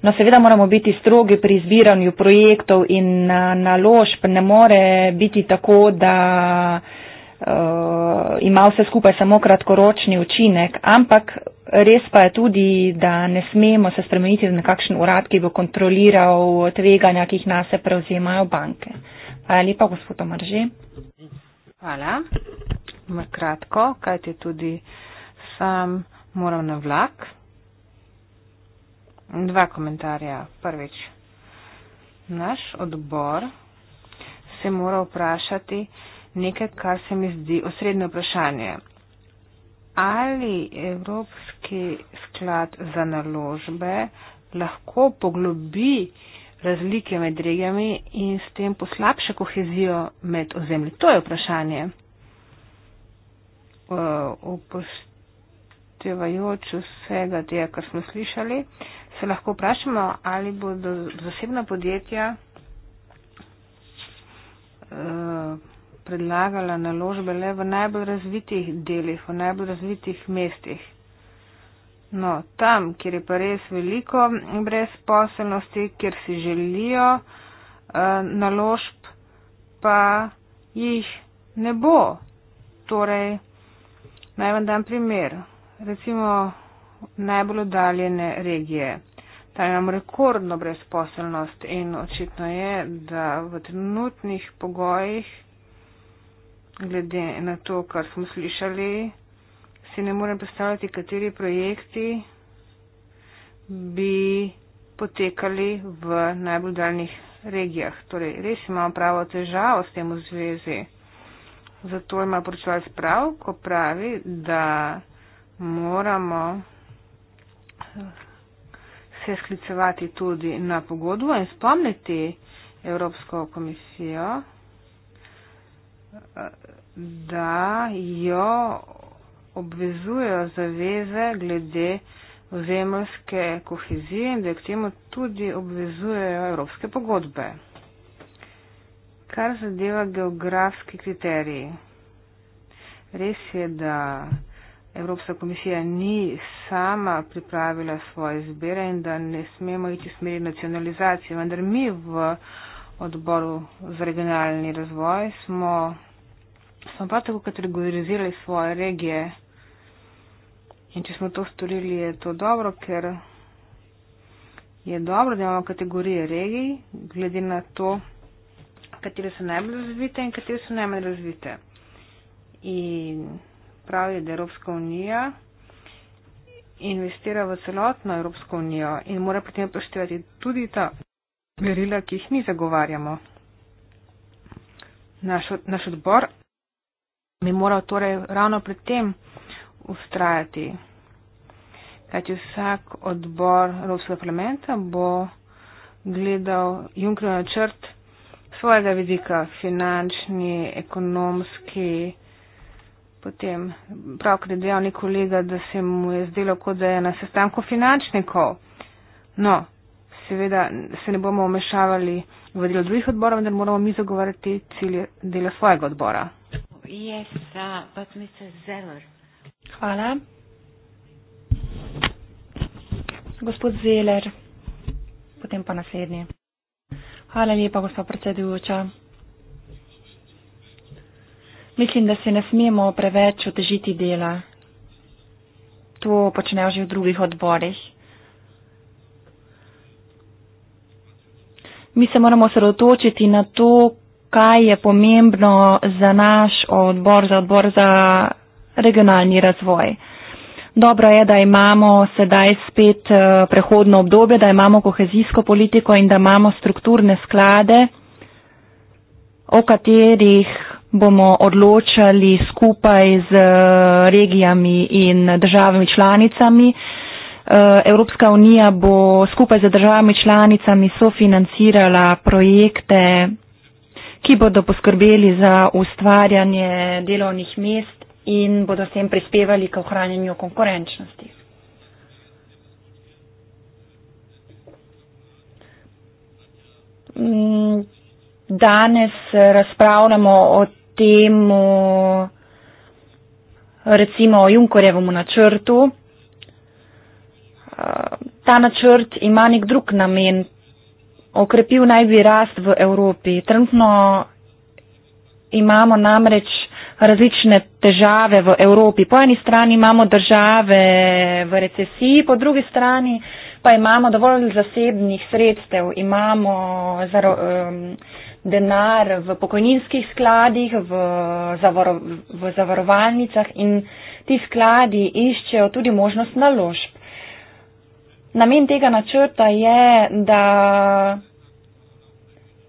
No, seveda moramo biti strogi pri izbiranju projektov in eh, naložb. Ne more biti tako, da uh, ima vse skupaj samo kratkoročni učinek, ampak res pa je tudi, da ne smemo se spremeniti na kakšen urad, ki bo kontroliral tveganja, ki jih nase prevzemajo banke. Hvala lepa, gospod Omrži. Hvala. Mar kratko, kajte tudi sam moram na vlak dva komentarja. Prvič, naš odbor se mora vprašati nekaj, kar se mi zdi osrednje vprašanje. Ali Evropski sklad za naložbe lahko poglobi razlike med regijami in s tem poslabša kohezijo med ozemlji? To je vprašanje. Eh, upoštevajoč vsega tega, kar smo slišali, se lahko vprašamo, ali bodo zasebna podjetja eh, predlagala naložbe le v najbolj razvitih delih, v najbolj razvitih mestih. No, tam, kjer je pa res veliko brezposelnosti, kjer si želijo eh, naložb, pa jih ne bo. Torej, naj vam dam primer. Recimo najbolj oddaljene regije. Ta imam rekordno brezposelnost in očitno je, da v trenutnih pogojih, glede na to, kar smo slišali, si ne morem predstavljati, kateri projekti bi potekali v najbolj daljnih regijah. Torej, res imamo pravo težavo s tem v zvezi. Zato ima poročevalc prav, ko pravi, da moramo se sklicevati tudi na pogodbo in spomniti Evropsko komisijo, da jo obvezujo zaveze glede ozemljske kohezije in da k temu tudi obvezujejo evropske pogodbe. Kar zadeva geografski kriteriji. Res je, da Evropska komisija ni sama pripravila svoje izbere in da ne smemo iti v smeri nacionalizacije. Vendar mi v odboru za regionalni razvoj smo, smo pa tako kategorizirali svoje regije. In če smo to storili, je to dobro, ker je dobro, da imamo kategorije regij, glede na to, katere so najbolj razvite in katere so najmanj razvite. In pravi, da Evropska unija investira v celotno Evropsko unijo in mora potem upoštevati tudi ta merila, ki jih mi zagovarjamo. Naš, naš odbor bi moral torej ravno pred tem ustrajati, kajti vsak odbor Evropskega parlamenta bo gledal Junkerjev načrt svojega vidika, finančni, ekonomski, potem pravkar je dejal nek kolega, da se mu je zdelo, kot da je na sestanku finančnikov. No, seveda se ne bomo omešavali v delo drugih odborov, vendar moramo mi zagovarjati cilje dela svojega odbora. Yes, uh, Hvala. Gospod Zeler, potem pa naslednji. Hvala lepa, gospod predsedujoča. Mislim, da se ne smemo preveč otežiti dela. To počnejo že v drugih odborih. Mi se moramo sredotočiti na to, kaj je pomembno za naš odbor, za odbor za regionalni razvoj. Dobro je, da imamo sedaj spet eh, prehodno obdobje, da imamo kohezijsko politiko in da imamo strukturne sklade, o katerih bomo odločali skupaj z eh, regijami in državami članicami. Eh, Evropska unija bo skupaj z državami članicami sofinancirala projekte, ki bodo poskrbeli za ustvarjanje delovnih mest in bodo s tem prispevali k ohranjanju konkurenčnosti. danes eh, razpravljamo o tem, recimo o Junkorjevom načrtu. Eh, ta načrt ima nek drug namen. Okrepil naj bi rast v Evropi. Trenutno imamo namreč različne težave v Evropi. Po eni strani imamo države v recesiji, po drugi strani pa imamo dovolj zasebnih sredstev, imamo zaro, um, denar v pokojninskih skladih, v, zavaro, v zavarovalnicah in ti skladi iščejo tudi možnost naložb. Namen tega načrta je, da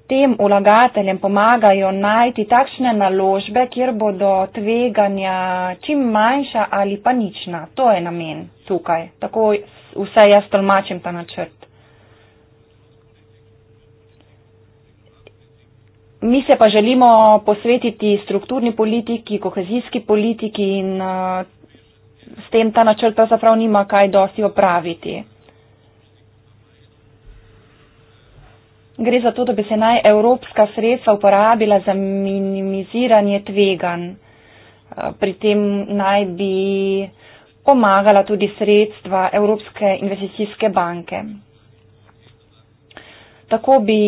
tem ulagateljem pomagajo najti takšne naložbe, kjer bodo tveganja čim manjša ali pa nična. To je namen tukaj. Tako vse jaz tolmačim ta načrt. Mi se pa želimo posvetiti strukturni politiki, kohezijski politiki in uh, s tem ta načrt pravzaprav nima kaj dosti opraviti. Gre za to, da bi se naj evropska sredstva uporabila za minimiziranje tveganj. Eh, pri tem naj bi pomagala tudi sredstva Evropske investicijske banke. Tako bi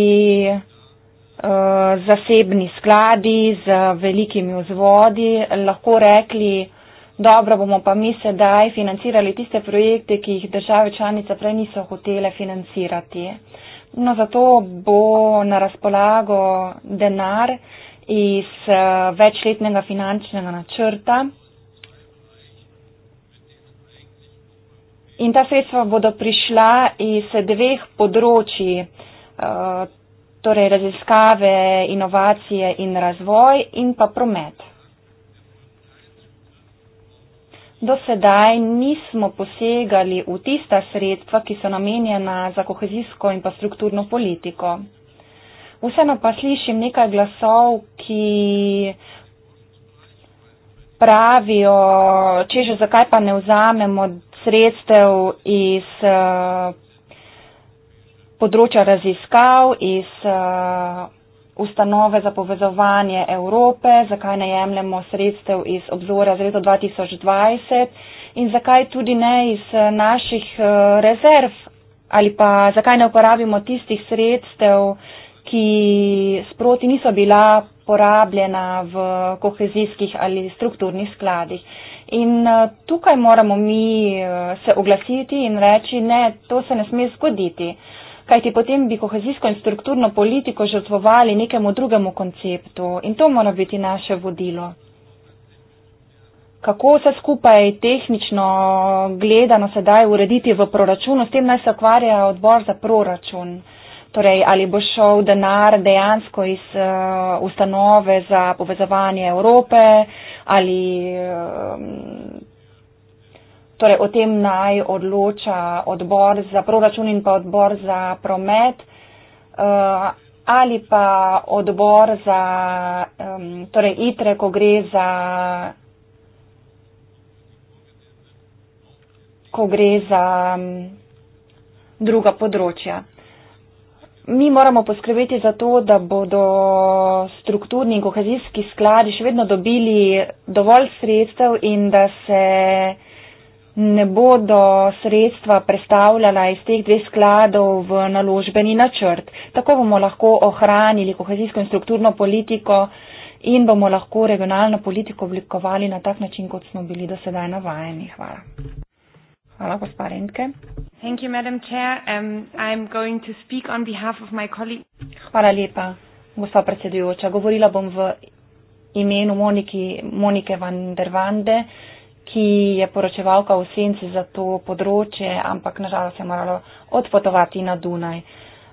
uh, zasebni skladi z velikimi vzvodi, lahko rekli, dobro bomo pa mi sedaj financirali tiste projekte, ki jih države članice prej niso hotele financirati. No, zato bo na razpolago denar iz uh, večletnega finančnega načrta. In ta sredstva bodo prišla iz dveh področji. Uh, eh, torej raziskave, inovacije in razvoj in pa promet. Do sedaj nismo posegali v tista sredstva, ki so namenjena za kohezijsko in pa strukturno politiko. Vseeno pa slišim nekaj glasov, ki pravijo, če že zakaj pa ne vzamemo sredstev iz eh, področja raziskav, iz uh, ustanove za povezovanje Evrope, zakaj ne jemljemo sredstev iz obzora za leto 2020 in zakaj tudi ne iz eh, naših uh, rezerv ali pa zakaj ne uporabimo tistih sredstev, ki sproti niso bila porabljena v kohezijskih ali strukturnih skladih. In tukaj moramo mi se oglasiti in reči, ne, to se ne sme zgoditi. Uh, kajti potem bi kohezijsko in strukturno politiko žrtvovali nekemu drugemu konceptu in to mora biti naše vodilo. Kako vse skupaj tehnično gledano sedaj urediti v proračunu, s tem naj se ukvarja odbor za proračun. Torej, ali bo šel denar dejansko iz uh, ustanove za povezovanje Evrope ali uh, Torej, o tem naj odloča odbor za proračun in pa odbor za promet eh, ali pa odbor za torej itre, ko gre za. ko gre za druga področja. Mi moramo poskrbeti za to, da bodo strukturni in kohezijski skladi še vedno dobili dovolj sredstev in da se ne bodo sredstva predstavljala iz teh dveh skladov v naložbeni načrt. Tako bomo lahko ohranili kohezijsko in strukturno politiko in bomo lahko regionalno politiko oblikovali na tak način, kot smo bili do sedaj navajeni. Hvala. Hvala, gospa Rendke. Um, Hvala lepa, gospa predsedujoča. Govorila bom v imenu Moniki, Monike van der Vande ki je poročevalka v senci za to področje, ampak nažalost je moralo odpotovati na Dunaj.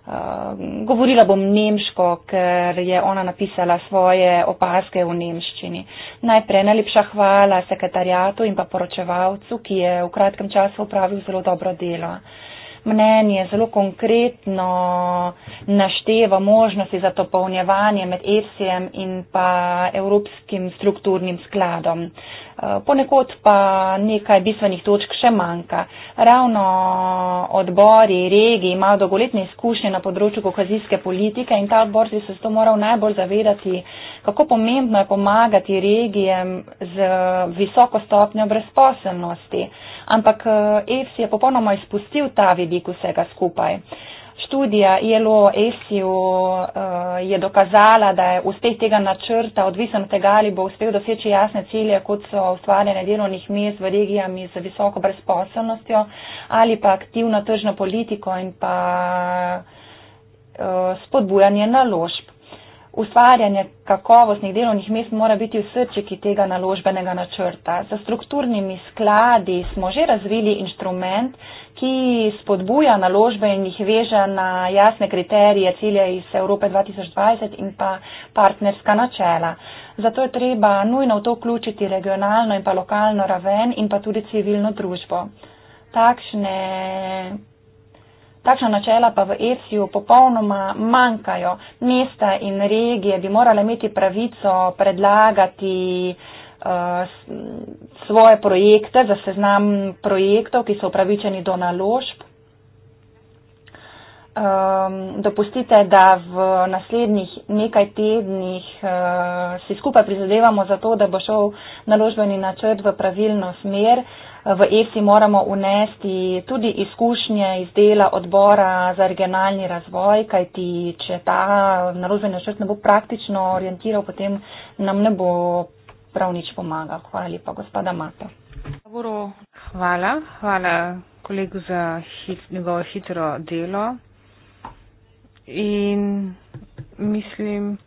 Uh, govorila bom nemško, ker je ona napisala svoje opaske v nemščini. Najprej najlepša hvala sekretarjatu in pa poročevalcu, ki je v kratkem času upravil zelo dobro delo. Uh, mnenje, zelo konkretno našteva možnosti za dopolnjevanje med ESEM in pa Evropskim strukturnim skladom. Eh, ponekod pa nekaj bistvenih točk še manjka. Ravno odbori regij imajo dolgoletne izkušnje na področju kohezijske politike in ta odbor se s to moral najbolj zavedati, kako pomembno je pomagati regijem z visoko stopnjo brezposelnosti ampak eh, EFS je popolnoma izpustil ta vidik vsega skupaj. Študija ILO ESIU eh, je dokazala, da je uspeh tega načrta odvisen od tega, ali bo uspel doseči jasne cilje, kot so ustvarjanje delovnih mest v regijami z visoko brezposobnostjo ali pa aktivno tržno politiko in pa eh, spodbujanje naložb. Ustvarjanje kakovostnih delovnih mest mora biti v srčiki tega naložbenega načrta. Za strukturnimi skladi smo že razvili inštrument, ki spodbuja naložbe in jih veže na jasne kriterije cilje iz Evrope 2020 in pa partnerska načela. Zato je treba nujno v to vključiti regionalno in pa lokalno raven in pa tudi civilno družbo. Takšne Takšna načela pa v ECU popolnoma manjkajo. Mesta in regije bi morale imeti pravico predlagati eh, svoje projekte za seznam projektov, ki so upravičeni do naložb. Ehm, dopustite, da v naslednjih nekaj tednih eh, si skupaj prizadevamo za to, da bo šel naložbeni načrt v pravilno smer v ESI moramo unesti tudi izkušnje iz dela odbora za regionalni razvoj, kajti če ta narozen načrt ne bo praktično orientiral, potem nam ne bo prav nič pomagal. Hvala lepa, gospoda Mata. Hvala, hvala kolegu za hit, njegovo hitro delo. In mislim,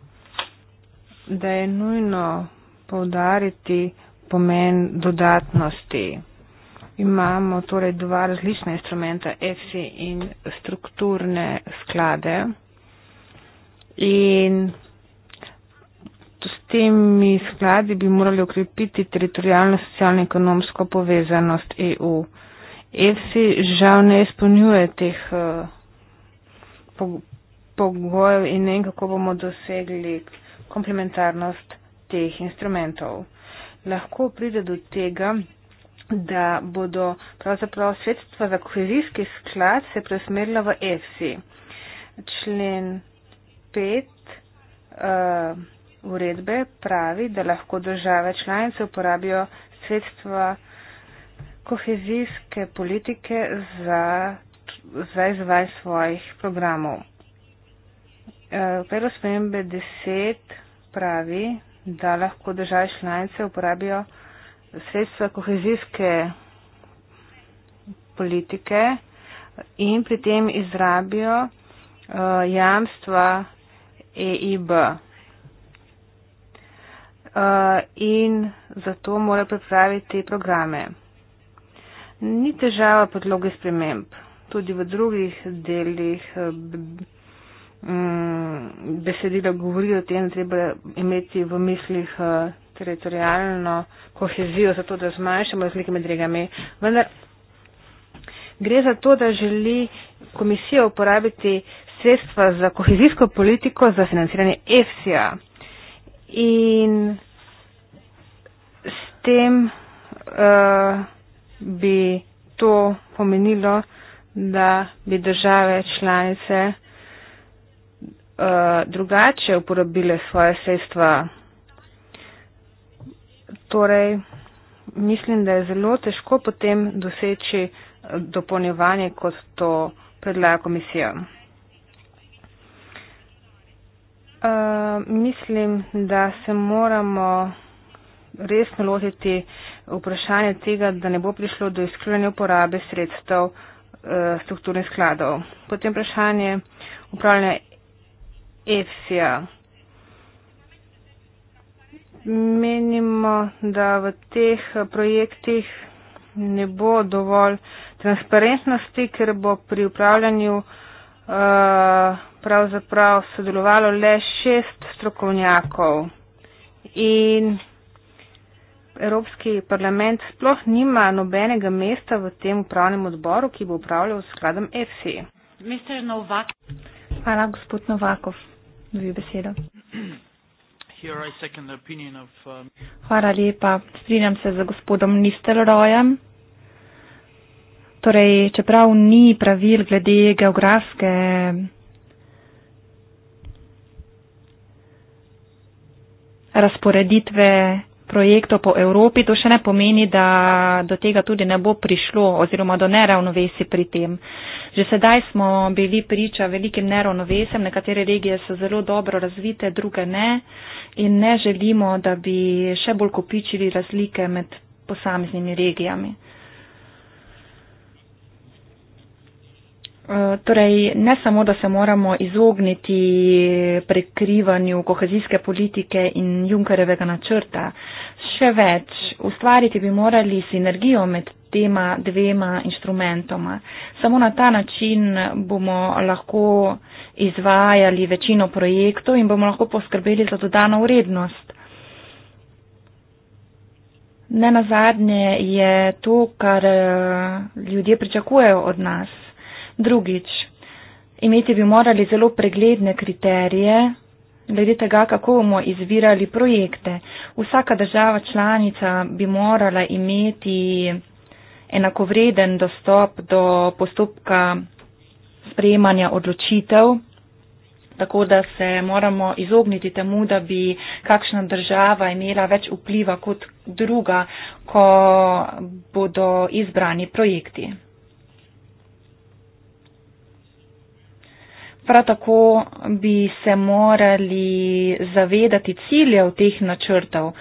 da je nujno povdariti pomen dodatnosti imamo torej dva različna instrumenta, EFSI in strukturne sklade. In s temi skladi bi morali okrepiti teritorijalno, socialno, ekonomsko povezanost EU. EFSI žal ne izpolnjuje teh eh, pogojev in ne vem, kako bomo dosegli komplementarnost teh instrumentov. Lahko pride do tega, da bodo pravzaprav sredstva za kohezijski sklad se preusmerila v EFSI. Člen 5 uh, eh, uredbe pravi, da lahko države članice uporabijo sredstva kohezijske politike za, za izvaj svojih programov. Eh, Prvo spremembe 10 pravi, da lahko države članice uporabijo sredstva kohezijske politike in pri tem izrabijo uh, jamstva EIB. Uh, eh, in zato mora pripraviti programe. Ni težava podloge sprememb. Tudi v drugih delih eh, mm, besedila govori o tem, da treba imeti v mislih teritorijalno kohezijo, zato da zmanjšamo razlike med regami. Vendar gre za to, da želi komisija uporabiti sredstva za kohezijsko politiko za financiranje EFSI-ja. In s tem uh, bi to pomenilo, da bi države članice uh, drugače uporabile svoje sredstva Torej, mislim, da je zelo težko potem doseči eh, dopolnjevanje, kot to predlaga komisija. Uh, mislim, da se moramo resno lotiti vprašanje tega, da ne bo prišlo do izkljuvanja uporabe sredstev uh, strukturnih skladov. Potem vprašanje upravljanja EFSI-a menimo, da v teh projektih ne bo dovolj transparentnosti, ker bo pri upravljanju uh, pravzaprav sodelovalo le šest strokovnjakov. In Evropski parlament sploh nima nobenega mesta v tem upravnem odboru, ki bo upravljal skladem EFSI. Hvala, gospod Novakov, za besedo. Um, Hvala lepa. Strinjam se z gospodom Nistelrojem. Torej, čeprav ni pravil glede geografske razporeditve projektov po Evropi, to še ne pomeni, da do tega tudi ne bo prišlo oziroma do neravnovesi pri tem. Že sedaj smo bili priča velikim neravnovesem, nekatere regije so zelo dobro razvite, druge ne. Uh, in ne želimo, da bi še bolj kopičili razlike med posameznimi regijami. Eh, torej, ne samo, da se moramo izogniti prekrivanju kohezijske politike in Junkerevega načrta, še več, ustvariti bi morali sinergijo med tema dvema inštrumentoma. Samo na ta način bomo lahko izvajali večino projektov in bomo lahko poskrbeli za dodano vrednost. Ne nazadnje je to, kar eh, ljudje pričakujejo od nas. Drugič, imeti bi morali zelo pregledne kriterije glede tega, kako bomo izvirali projekte. Vsaka država članica bi morala imeti enakovreden dostop do postopka sprejemanja odločitev, tako da se moramo izogniti temu, da bi kakšna država imela več vpliva kot druga, ko bodo izbrani projekti. Prav tako bi se morali zavedati ciljev teh načrtov. Uh,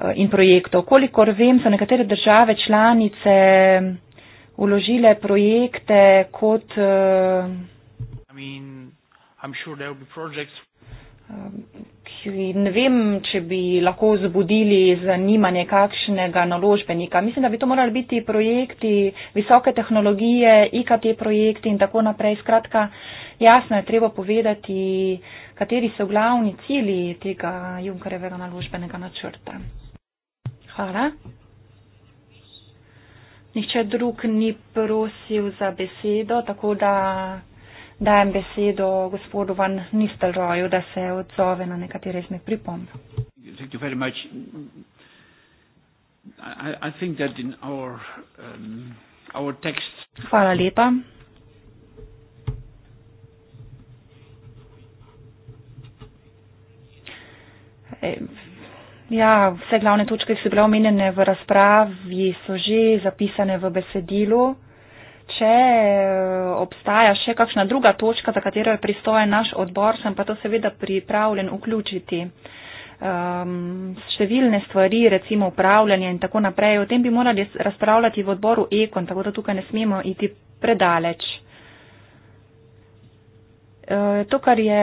Eh, in projektov. Kolikor vem, so nekatere države članice uložile projekte kot. Eh, ne vem, če bi lahko zbudili zanimanje kakšnega naložbenika. Mislim, da bi to morali biti projekti visoke tehnologije, IKT projekti in tako naprej. Skratka, jasno je treba povedati, kateri so glavni cili tega Junkareveva naložbenega načrta. Hvala. Nihče drug ni prosil za besedo, tako da dajem besedo gospodu Van Nistelroju, da se odzove na nekatere izmed pripomb. Um, Hvala lepa. Hey. Ja, vse glavne točke, ki so bile omenjene v razpravi, so že zapisane v besedilu. Če eh, obstaja še kakšna druga točka, za katero je pristojen naš odbor, sem pa to seveda pripravljen vključiti. Um, številne stvari, recimo upravljanje in tako naprej, o tem bi morali razpravljati v odboru Ekon, tako da tukaj ne smemo iti predaleč. Uh, to, kar je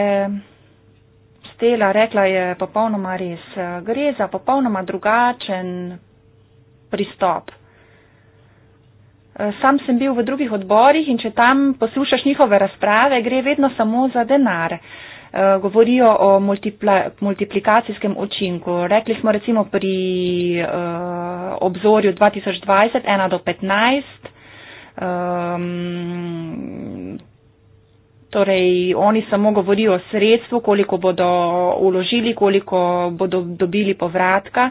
blestela, rekla je popolnoma res. Eh, gre za popolnoma drugačen pristop. Eh, sam sem bil v drugih odborih in če tam poslušaš njihove razprave, gre vedno samo za denar. Eh, govorijo o multipla, multiplikacijskem učinku. Rekli smo recimo pri uh, obzorju 2020 1 do 15. Um, ehm, Torej, oni samo govorijo o sredstvu, koliko bodo uložili, koliko bodo dobili povratka.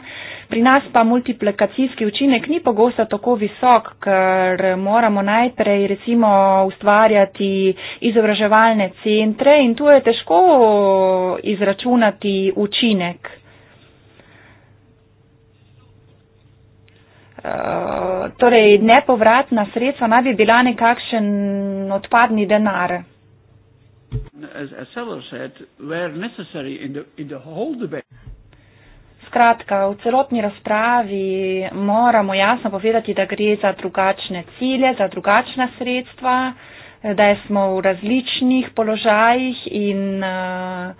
Pri nas pa multiplikacijski učinek ni pogosto tako visok, ker moramo najprej recimo ustvarjati izobraževalne centre in tu je težko izračunati učinek. Uh, torej, nepovratna sredstva naj bi bila nekakšen odpadni denar. As, as said, were in the, in the whole Skratka, v celotni razpravi moramo jasno povedati, da gre za drugačne cilje, za drugačna sredstva, da smo v različnih položajih in uh,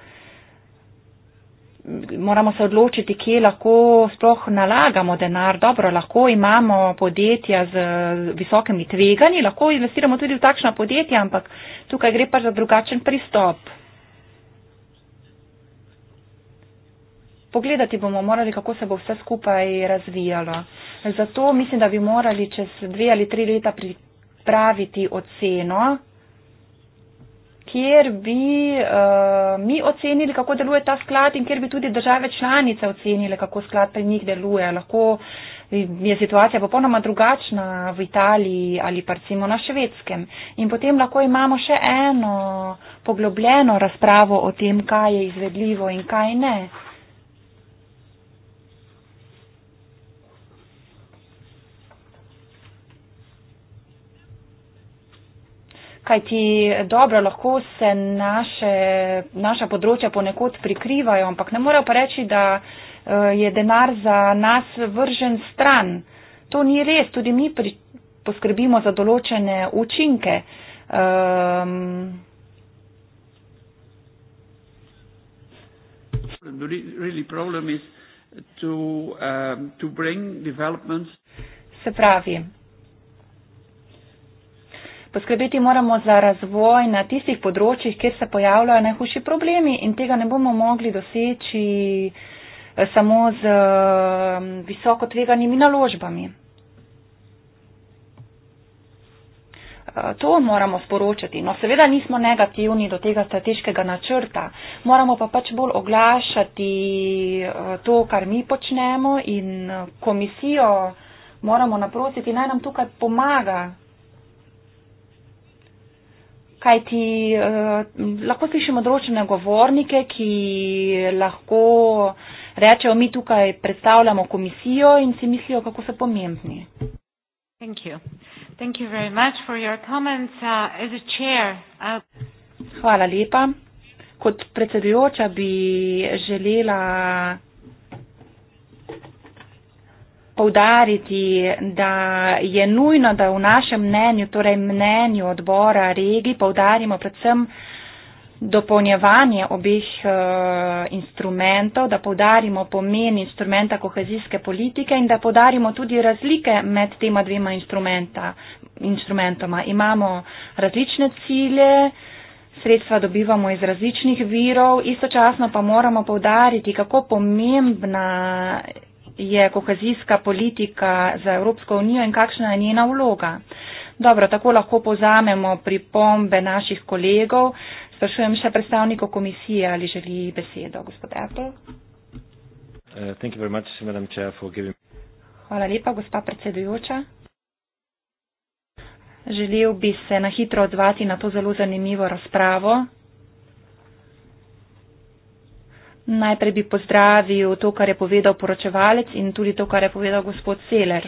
moramo se odločiti, kje lahko sploh nalagamo denar. Dobro, lahko imamo podjetja z visokimi tveganji, lahko investiramo tudi v takšna podjetja, ampak tukaj gre pa za drugačen pristop. Pogledati bomo morali, kako se bo vse skupaj razvijalo. Zato mislim, da bi morali čez dve ali tri leta pripraviti oceno kjer bi uh, mi ocenili, kako deluje ta sklad in kjer bi tudi države članice ocenile, kako sklad pri njih deluje. Lahko eh, je situacija popolnoma drugačna v Italiji ali pa recimo na švedskem. In potem lahko imamo še eno poglobljeno razpravo o tem, kaj je izvedljivo in kaj ne. kajti dobro lahko se naše, naša področja ponekod prikrivajo, ampak ne morejo pa reči, da eh, je denar za nas vržen stran. To ni res, tudi mi pri, poskrbimo za določene učinke. Ehm, um, Se pravi, poskrbeti moramo za razvoj na tistih področjih, kjer se pojavljajo najhujši problemi in tega ne bomo mogli doseči eh, samo z mm, visoko tveganimi naložbami. Eh, to moramo sporočiti. No, seveda nismo negativni do tega strateškega načrta, moramo pa pač bolj oglašati eh, to, kar mi počnemo in komisijo moramo naprositi, naj nam tukaj pomaga kajti uh, lahko slišimo odročene govornike, ki lahko rečejo, mi tukaj predstavljamo komisijo in si mislijo, kako so pomembni. Thank you. Thank you comments, uh, chair, uh, Hvala lepa. Kot predsedujoča bi želela poudariti, da je nujno, da v našem mnenju, torej mnenju odbora regij, poudarimo predvsem dopolnjevanje obeh uh, instrumentov, da poudarimo pomen instrumenta kohezijske politike in da poudarimo tudi razlike med tema dvema instrumentoma. Imamo različne cilje, sredstva dobivamo iz različnih virov, istočasno pa moramo poudariti, kako pomembna je kohezijska politika za Evropsko unijo in kakšna je njena vloga. Dobro, tako lahko pozamemo pripombe naših kolegov. Sprašujem še predstavnikov komisije, ali želi besedo, gospod Apple. Uh, giving... Hvala lepa, gospa predsedujoča. Želel bi se na hitro odzvati na to zelo zanimivo razpravo. Najprej bi pozdravil to, kar je povedal poročevalec in tudi to, kar je povedal gospod Seler.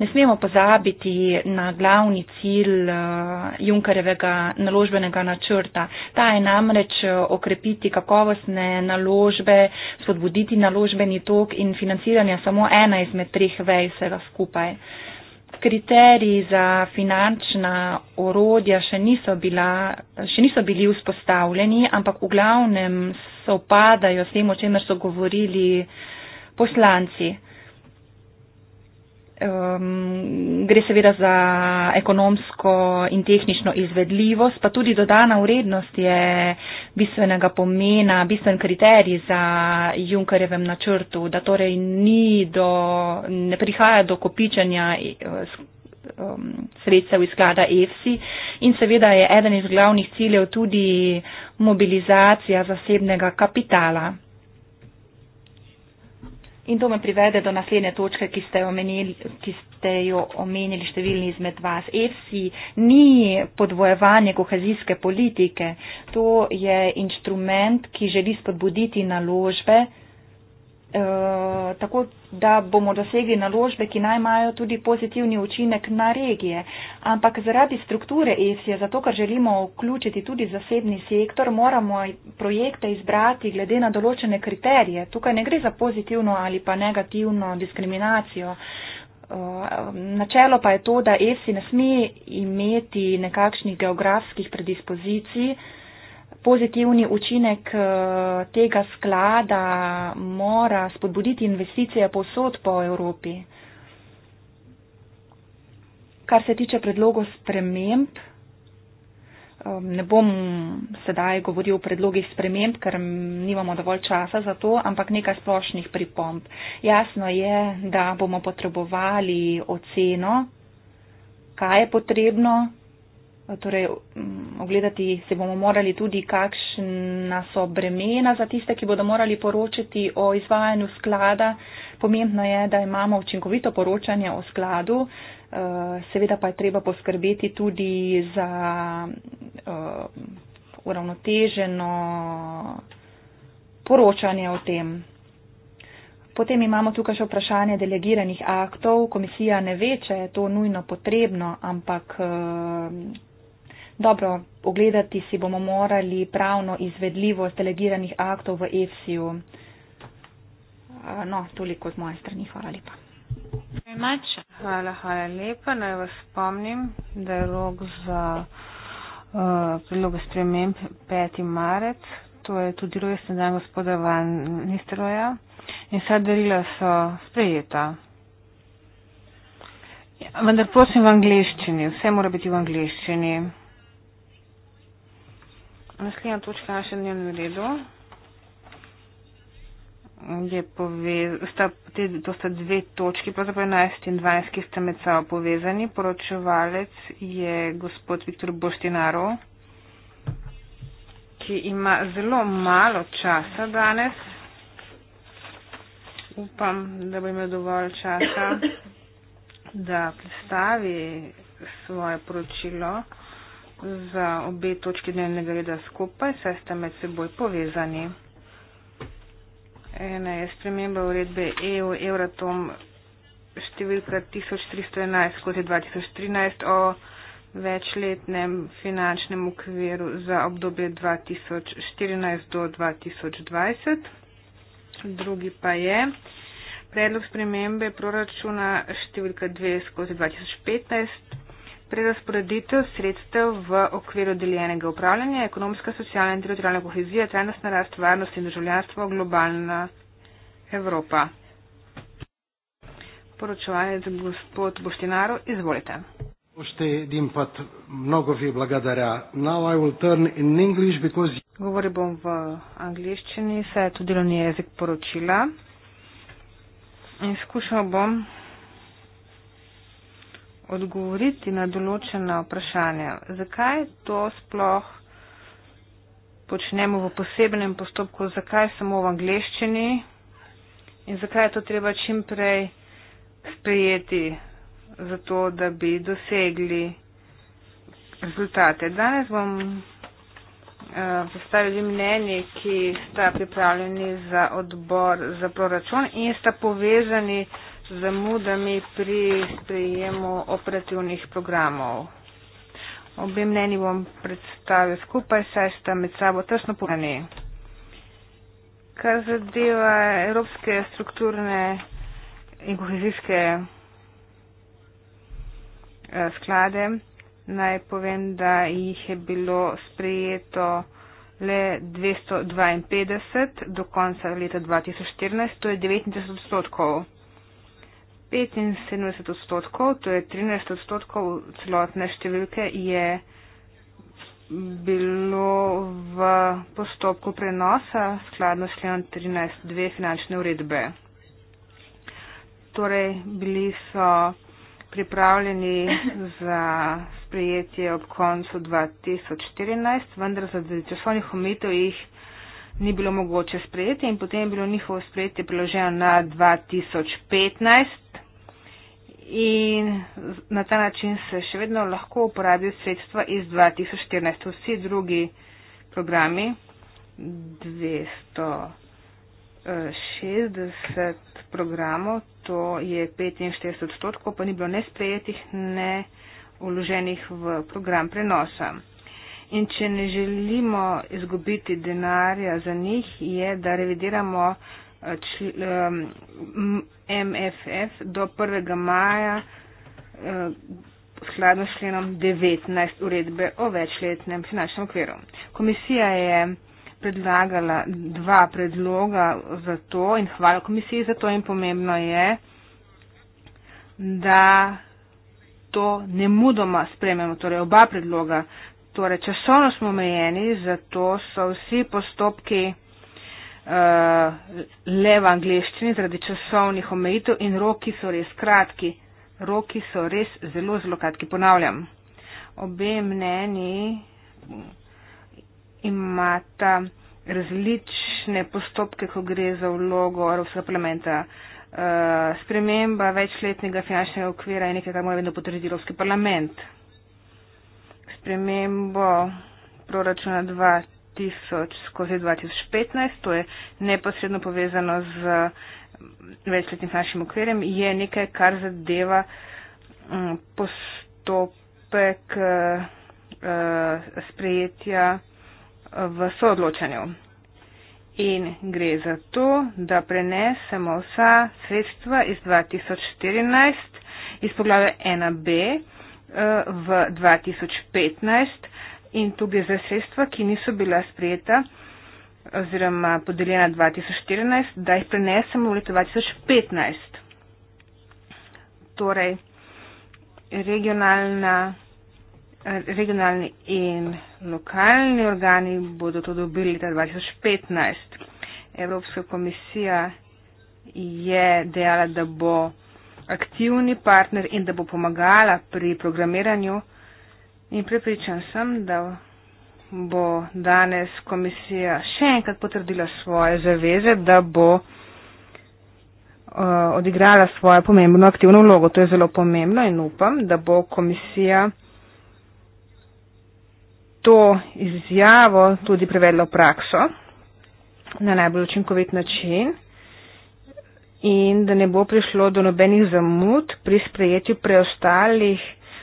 Ne smemo pozabiti na glavni cilj eh, Junkarevega naložbenega načrta. Ta je namreč eh, okrepiti kakovostne naložbe, spodbuditi naložbeni tok in financiranje samo ena izmed treh vej vsega skupaj. Uh, kriteriji za finančna orodja še niso, bila, še niso bili vzpostavljeni, ampak v glavnem se opadajo s tem, o čemer so govorili poslanci um, gre seveda za ekonomsko in tehnično izvedljivost, pa tudi dodana vrednost je bistvenega pomena, bistven kriterij za Junkerjevem načrtu, da torej ni do, ne prihaja do kopičanja um, e, sredstev iz sklada EFSI in seveda je eden iz glavnih ciljev tudi mobilizacija zasebnega kapitala. In to me privede do naslednje točke, ki ste, omenili, ki ste jo omenili številni izmed vas. EFSI ni podvojevanje kohezijske politike, to je inštrument, ki želi spodbuditi naložbe, Eh, tako da bomo dosegli naložbe, ki naj imajo tudi pozitivni učinek na regije. Ampak zaradi strukture ESI, zato ker želimo vključiti tudi zasebni sektor, moramo projekte izbrati glede na določene kriterije. Tukaj ne gre za pozitivno ali pa negativno diskriminacijo. Eh, načelo pa je to, da ESI ne sme imeti nekakšnih geografskih predispozicij, pozitivni učinek eh, tega sklada mora spodbuditi investicije posod po Evropi. Kar se tiče predlogov sprememb, eh, ne bom sedaj govoril o predlogih sprememb, ker nimamo dovolj časa za to, ampak nekaj splošnih pripomb. Jasno je, da bomo potrebovali oceno, kaj je potrebno, torej, mm, ogledati se bomo morali tudi, kakšna so bremena za tiste, ki bodo morali poročati o izvajanju sklada. Pomembno je, da imamo učinkovito poročanje o skladu. Eh, seveda pa je treba poskrbeti tudi za eh, uravnoteženo poročanje o tem. Potem imamo tukaj še vprašanje delegiranih aktov. Komisija ne ve, če je to nujno potrebno, ampak eh, Dobro, ogledati si bomo morali pravno izvedljivost delegiranih aktov v EFSI-ju. No, toliko z moje strani. Hvala lepa. Hvala, hvala lepa. Naj vas spomnim, da je rok za uh, eh, prilogo spremem 5. marec. To je tudi rojstni dan gospoda Van Nistroja. In vsa darila so sprejeta. Ja, vendar prosim v angliščini. Vse mora biti v angliščini. Naslednja točka naše dnevne redu. Je sta, te, to sta dve točki, pravzaprav 11 in 12, ki sta med sabo povezani. Poročevalec je gospod Viktor Boštinarov, ki ima zelo malo časa danes. Upam, da bo imel dovolj časa, da predstavi svoje poročilo za obe točki dnevnega reda skupaj, saj sta med seboj povezani. Ena je sprememba uredbe EU Euratom številka 1311 skozi 2013 o večletnem finančnem okviru za obdobje 2014 do 2020. Drugi pa je predlog spremembe proračuna številka 2 skozi 2015 prerasporeditev sredstev v okviru deljenega upravljanja, ekonomska, socialna in teritorijalna kohezija, trajnostna rast, varnost in državljanstvo, globalna Evropa. Poročevanje za gospod Boštinaro, izvolite. Govoril bom v angliščini, saj je to delovni jezik poročila. In skušal bom odgovoriti na določena vprašanja. Zakaj to sploh počnemo v posebnem postopku, zakaj samo v angleščini in zakaj je to treba čimprej sprejeti za to, da bi dosegli rezultate. Danes bom eh, postavili mnenje, ki sta pripravljeni za odbor za proračun in sta povezani uh, zamudami pri sprejemu operativnih programov. Obe mneni bom predstavil skupaj, saj sta med sabo tesno povezani. Kar zadeva evropske strukturne in kohezijske eh, sklade, naj povem, da jih je bilo sprejeto le 252 do konca leta 2014, to je 39 odstotkov. 75 odstotkov, to je 13 odstotkov celotne številke, je bilo v postopku prenosa skladno s členom 13.2 finančne uredbe. Torej, bili so pripravljeni za sprejetje ob koncu 2014, vendar za časovnih omitev jih ni bilo mogoče sprejeti in potem je bilo njihovo sprejetje priloženo na 2015 in na ta način se še vedno lahko uporabijo sredstva iz 2014. Vsi drugi programi 260 programov, to je 45 odstotkov, pa ni bilo ne sprejetih, ne uloženih v program prenosa. In če ne želimo izgubiti denarja za njih, je, da revidiramo eh, eh, MFF do 1. maja eh, skladno s členom 19 uredbe o večletnem finančnem okviru. Komisija je predlagala dva predloga za to in hvala komisiji za to in pomembno je, da to ne mudoma sprememo, torej oba predloga uh, torej časovno smo omejeni, zato so vsi postopki uh, le v angliščini zaradi časovnih omejitev in roki so res kratki. Roki so res zelo, zelo kratki. Ponavljam, obe mneni imata različne postopke, ko gre za vlogo Evropskega parlamenta. Eh, sprememba večletnega finančnega okvira je nekaj, kar mora vedno potrditi Evropski parlament spremembo proračuna 2000 skozi 2015, to je neposredno povezano z mm, večletnim našim okvirjem, je nekaj, kar zadeva mm, postopek eh, eh, sprejetja eh, v soodločanju. In gre za to, da prenesemo vsa sredstva iz 2014 iz poglave 1b v 2015 in tu gre za sredstva, ki niso bila sprejeta oziroma podeljena 2014, da jih prenesemo v leto 2015. Torej, regionalni in lokalni organi bodo to dobili leta 2015. Evropska komisija je dejala, da bo aktivni partner in da bo pomagala pri programiranju. In pripričan sem, da bo danes komisija še enkrat potrdila svoje zaveze, da bo eh, odigrala svojo pomembno aktivno vlogo. To je zelo pomembno in upam, da bo komisija to izjavo tudi prevedla v prakso na najbolj učinkovit način in da ne bo prišlo do nobenih zamud pri sprejetju preostalih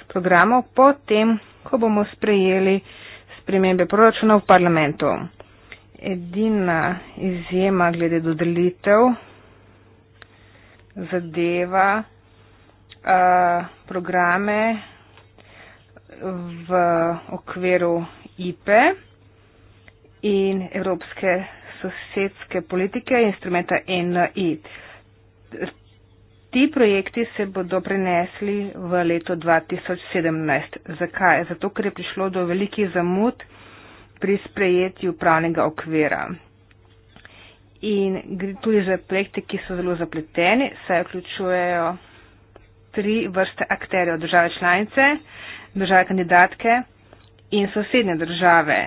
programov potem, ko bomo sprejeli spremembe proračuna v parlamentu. Edina izjema glede dodelitev zadeva uh, programe v okviru IPE in Evropske sosedske politike instrumenta NI. Uh, ti projekti se bodo prenesli v leto 2017. Zakaj? Zato, ker je prišlo do velikih zamud pri sprejetju pravnega okvira. In gre tudi za projekte, ki so zelo zapleteni, saj vključujejo tri vrste akterjev, države članice, države kandidatke in sosednje države.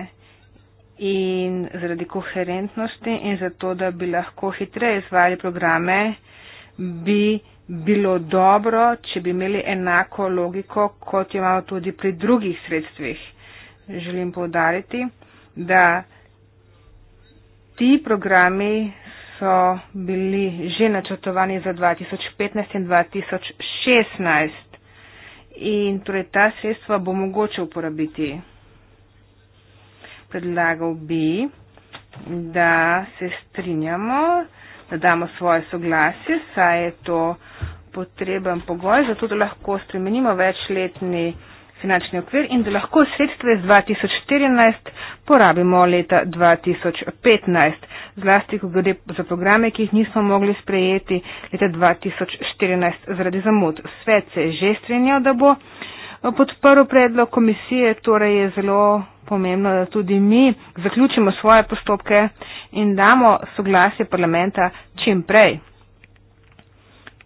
In zaradi koherentnosti in zato, da bi lahko hitreje izvajali programe, uh, bi bilo dobro, če bi imeli enako logiko, kot jo imamo tudi pri drugih sredstvih. Želim povdariti, da ti programi so bili že načrtovani za 2015 in 2016 in torej ta sredstva bo mogoče uporabiti. Predlagal bi, da se strinjamo, da damo svoje soglasje, saj je to potreben pogoj, zato da lahko spremenimo večletni finančni okvir in da lahko sredstva iz 2014 porabimo leta 2015. Zlasti, ko gre za programe, ki jih nismo mogli sprejeti leta 2014 zaradi zamud. Svet se je že strinjal, da bo podprl predlog komisije, torej je zelo pomembno, da tudi mi zaključimo svoje postopke in damo soglasje parlamenta čim prej.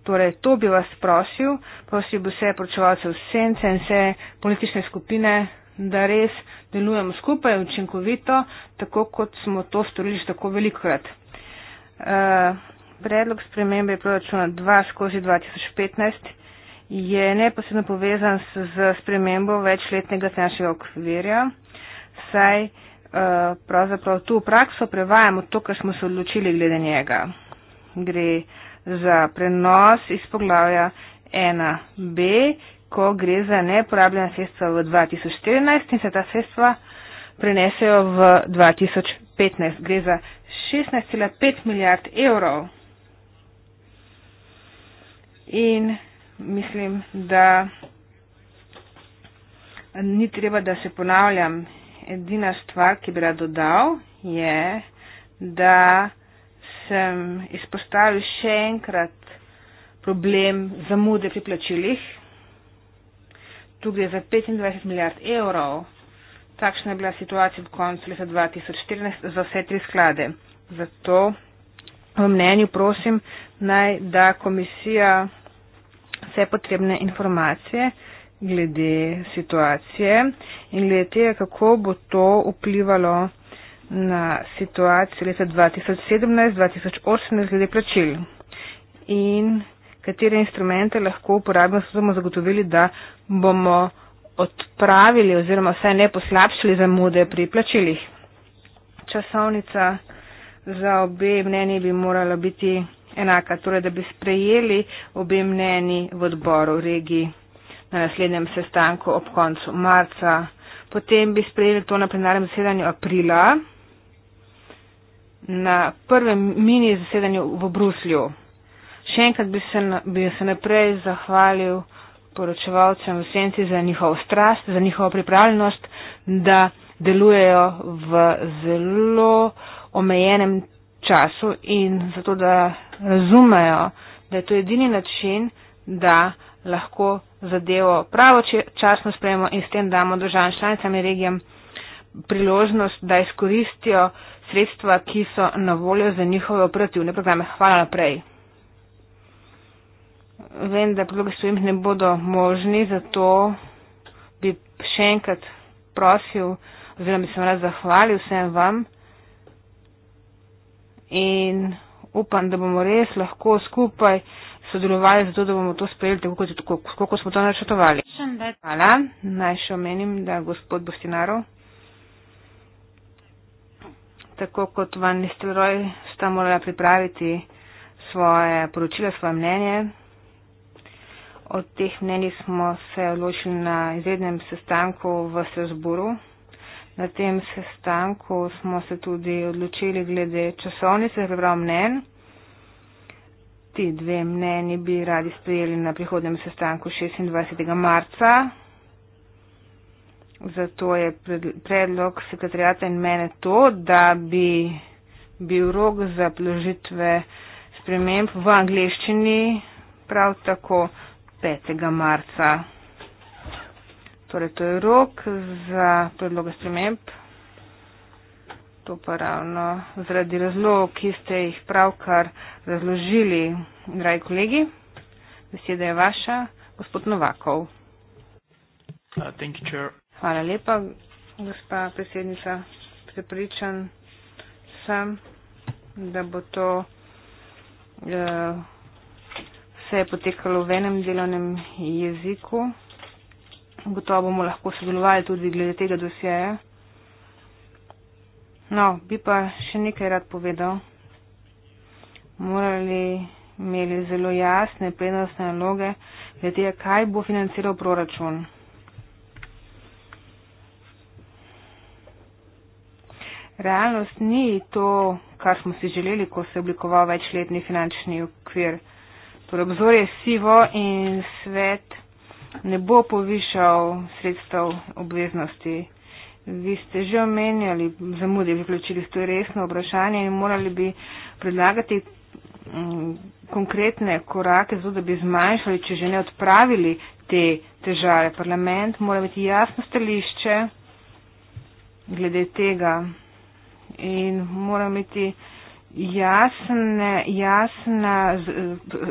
Torej, to bi vas prosil, prosil bi vse pročevalce v sence in vse politične skupine, da res delujemo skupaj učinkovito, tako kot smo to storili že tako velikokrat. Uh, predlog spremembe proračuna 2 skozi 2015 je neposredno povezan s spremembo večletnega finančnega okvirja saj eh, pravzaprav tu v prakso prevajamo to, kar smo se odločili glede njega. Gre za prenos iz poglavja 1b, ko gre za neporabljena sredstva v 2014 in se ta sredstva prenesejo v 2015. Gre za 16,5 milijard evrov. In mislim, da ni treba, da se ponavljam edina stvar, ki bi rad dodal, je, da sem izpostavil še enkrat problem zamude pri plačilih. Tu gre za 25 milijard evrov. Takšna je bila situacija v koncu leta 2014 za vse tri sklade. Zato v mnenju prosim naj da komisija vse potrebne informacije glede situacije in glede tega, kako bo to vplivalo na situacijo leta 2017-2018 glede plačil in katere instrumente lahko uporabimo, so bomo zagotovili, da bomo odpravili oziroma vsaj ne poslabšali zamude pri plačilih. Časovnica za obe mnenji bi morala biti enaka, torej da bi sprejeli obe mnenji v odboru regiji na naslednjem sestanku ob koncu marca. Potem bi sprejeli to na plenarnem zasedanju aprila, na prvem mini zasedanju v Bruslju. Še enkrat bi se, bi se naprej zahvalil poročevalcem v senci za njihov strast, za njihovo pripravljenost, da delujejo v zelo omejenem času in zato, da razumejo, da je to edini način, da lahko zadevo pravočasno sprejemo in s tem damo državam članicam in regijam priložnost, da izkoristijo sredstva, ki so na voljo za njihove operativne programe. Hvala naprej. Vem, da predlogi sojim ne bodo možni, zato bi še enkrat prosil oziroma bi se rad zahvalil vsem vam in upam, da bomo res lahko skupaj sodelovali za to, da bomo to sprejeli tako, kot, tako, kot smo to načrtovali. Hvala. Naj še omenim, da gospod Bostinarov, tako kot Van Nistelrooy, sta morala pripraviti svoje poročila, svoje mnenje. Od teh mnenj smo se odločili na izrednem sestanku v Sezboru. Na tem sestanku smo se tudi odločili glede časovnice, se pravi mnenj ti dve mnenji bi radi sprejeli na prihodnem sestanku 26. marca. Zato je predlog sekretarjata in mene to, da bi bil rok za priložitve sprememb v angleščini prav tako 5. marca. Torej, to je rok za predloge sprememb. To pa ravno zaradi razlogov, ki ste jih pravkar razložili, dragi kolegi. Beseda je vaša, gospod Novakov. Uh, Hvala lepa, gospa predsednica. Prepričan sem, da bo to uh, vse potekalo v enem delovnem jeziku. Gotovo bomo lahko sodelovali tudi glede tega dosjeja. No, bi pa še nekaj rad povedal. Morali imeli zelo jasne prednostne naloge, glede kaj bo financiral proračun. Realnost ni to, kar smo si želeli, ko se je oblikoval večletni finančni okvir. Torej, obzor je sivo in svet ne bo povišal sredstev obveznosti Vi ste že omenjali, zamudili bi vključili, to je resno vprašanje in morali bi predlagati mm, konkretne korake, zato da bi zmanjšali, če že ne odpravili te težave. Parlament mora imeti jasno stališče glede tega in mora imeti jasne, jasna z, z, z,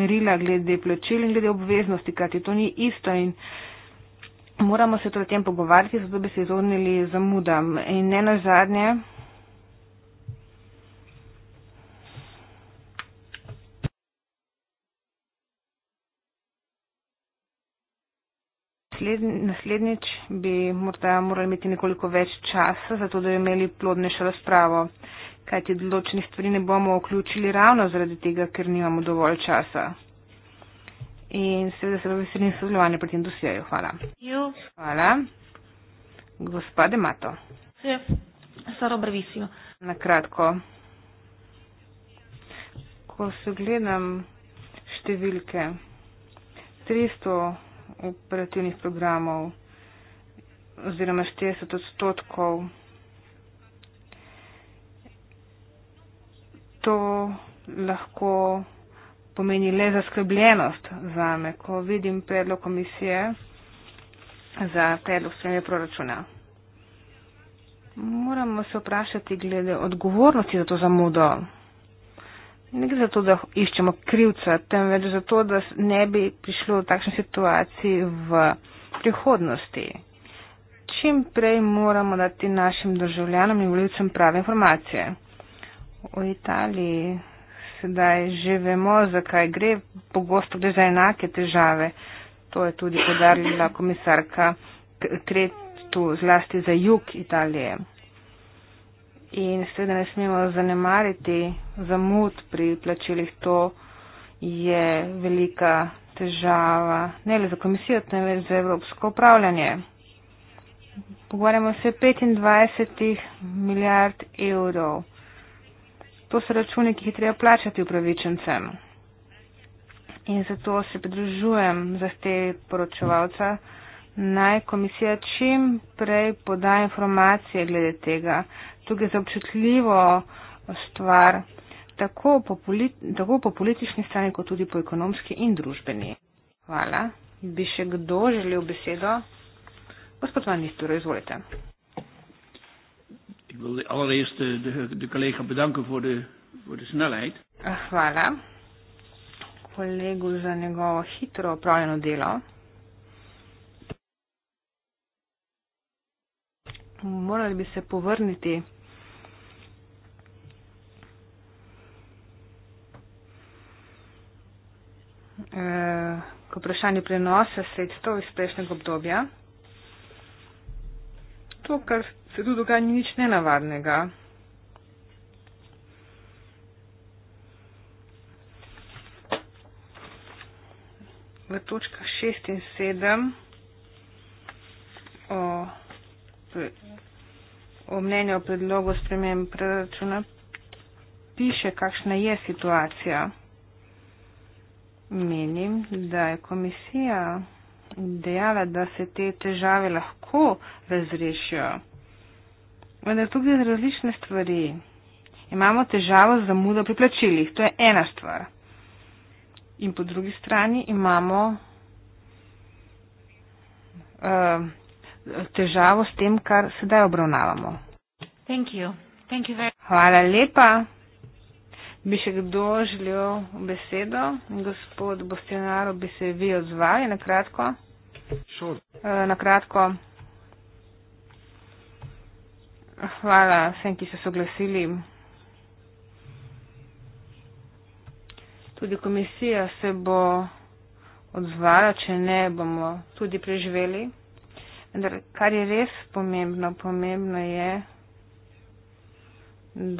merila glede plačil in glede obveznosti, kajti to ni isto. In, moramo se tudi o tem pogovarjati, zato bi se izognili zamudam. In ne na zadnje. Naslednjič bi morda morali imeti nekoliko več časa, zato da bi imeli plodnejšo razpravo, kajti določenih stvari ne bomo vključili ravno zaradi tega, ker nimamo dovolj časa in seveda se veselim sodelovanja pri tem dosjeju. Hvala. You. Hvala. Gospa Demato. Se, Saro Brvisijo. Na kratko. Ko se gledam številke 300 operativnih programov oziroma 40 odstotkov, to lahko pomeni le zaskrbljenost za me, ko vidim predlog komisije za predlog spremenja proračuna. Moramo se vprašati glede odgovornosti za to zamudo. Ne gre za to, da iščemo krivca, temveč za to, da ne bi prišlo v takšni situaciji v prihodnosti. Čim prej moramo dati našim državljanom in voljivcem prave informacije. V Italiji sedaj že vemo, zakaj gre, pogosto gre za enake težave. To je tudi podarila komisarka Kretu zlasti za jug Italije. In seveda ne smemo zanemariti zamud pri plačilih. To je velika težava ne le za komisijo, temveč za evropsko upravljanje. Pogovarjamo se 25 milijard evrov to so računi, ki jih treba plačati upravičencem. In zato se pridružujem zahtevi poročevalca, naj komisija čim prej poda informacije glede tega. Tukaj je zaobčutljivo stvar, tako po, politi, tako po politični strani, kot tudi po ekonomski in družbeni. Hvala. Bi še kdo želel besedo? Gospod Manistro, izvolite. Ik wil allereerst de, de, de collega bedanken voor de, voor de snelheid. Hvala. Kolegu za njegovo hitro opravljeno delo. Morali bi se povrniti. Eh, k vprašanju prenosa sredstev iz prejšnjega obdobja to, kar se tu dogaja, ni nič nenavadnega. V točkah 6 in 7 o, o mnenju o predlogu spremem preračuna piše, kakšna je situacija. Menim, da je komisija in dejala, da se te težave lahko razrešijo. Vendar tukaj z različne stvari. Imamo težavo z zamudo pri plačilih, to je ena stvar. In po drugi strani imamo uh, težavo s tem, kar sedaj obravnavamo. Thank you. Thank you very... Hvala lepa bi še kdo želel besedo? Gospod Bostenaro, bi se vi odzvali na kratko? Sure. Eh, na kratko. Hvala vsem, ki so soglasili. Tudi komisija se bo odzvala, če ne bomo tudi preživeli. Vendar, kar je res pomembno, pomembno je,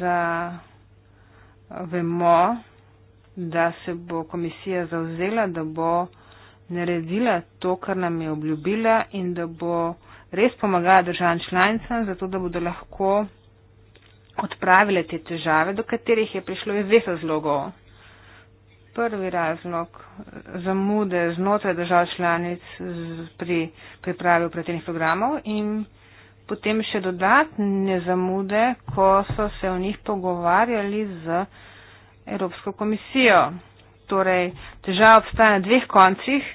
da vemo, da se bo komisija zauzela, da bo naredila to, kar nam je obljubila in da bo res pomagala državam članicam, zato da bodo lahko odpravile te težave, do katerih je prišlo iz dveh razlogov. Prvi razlog zamude znotraj držav članic pri pripravi operativnih programov in potem še dodatne zamude, ko so se o njih pogovarjali z Evropsko komisijo. Torej, težava obstaja na dveh koncih,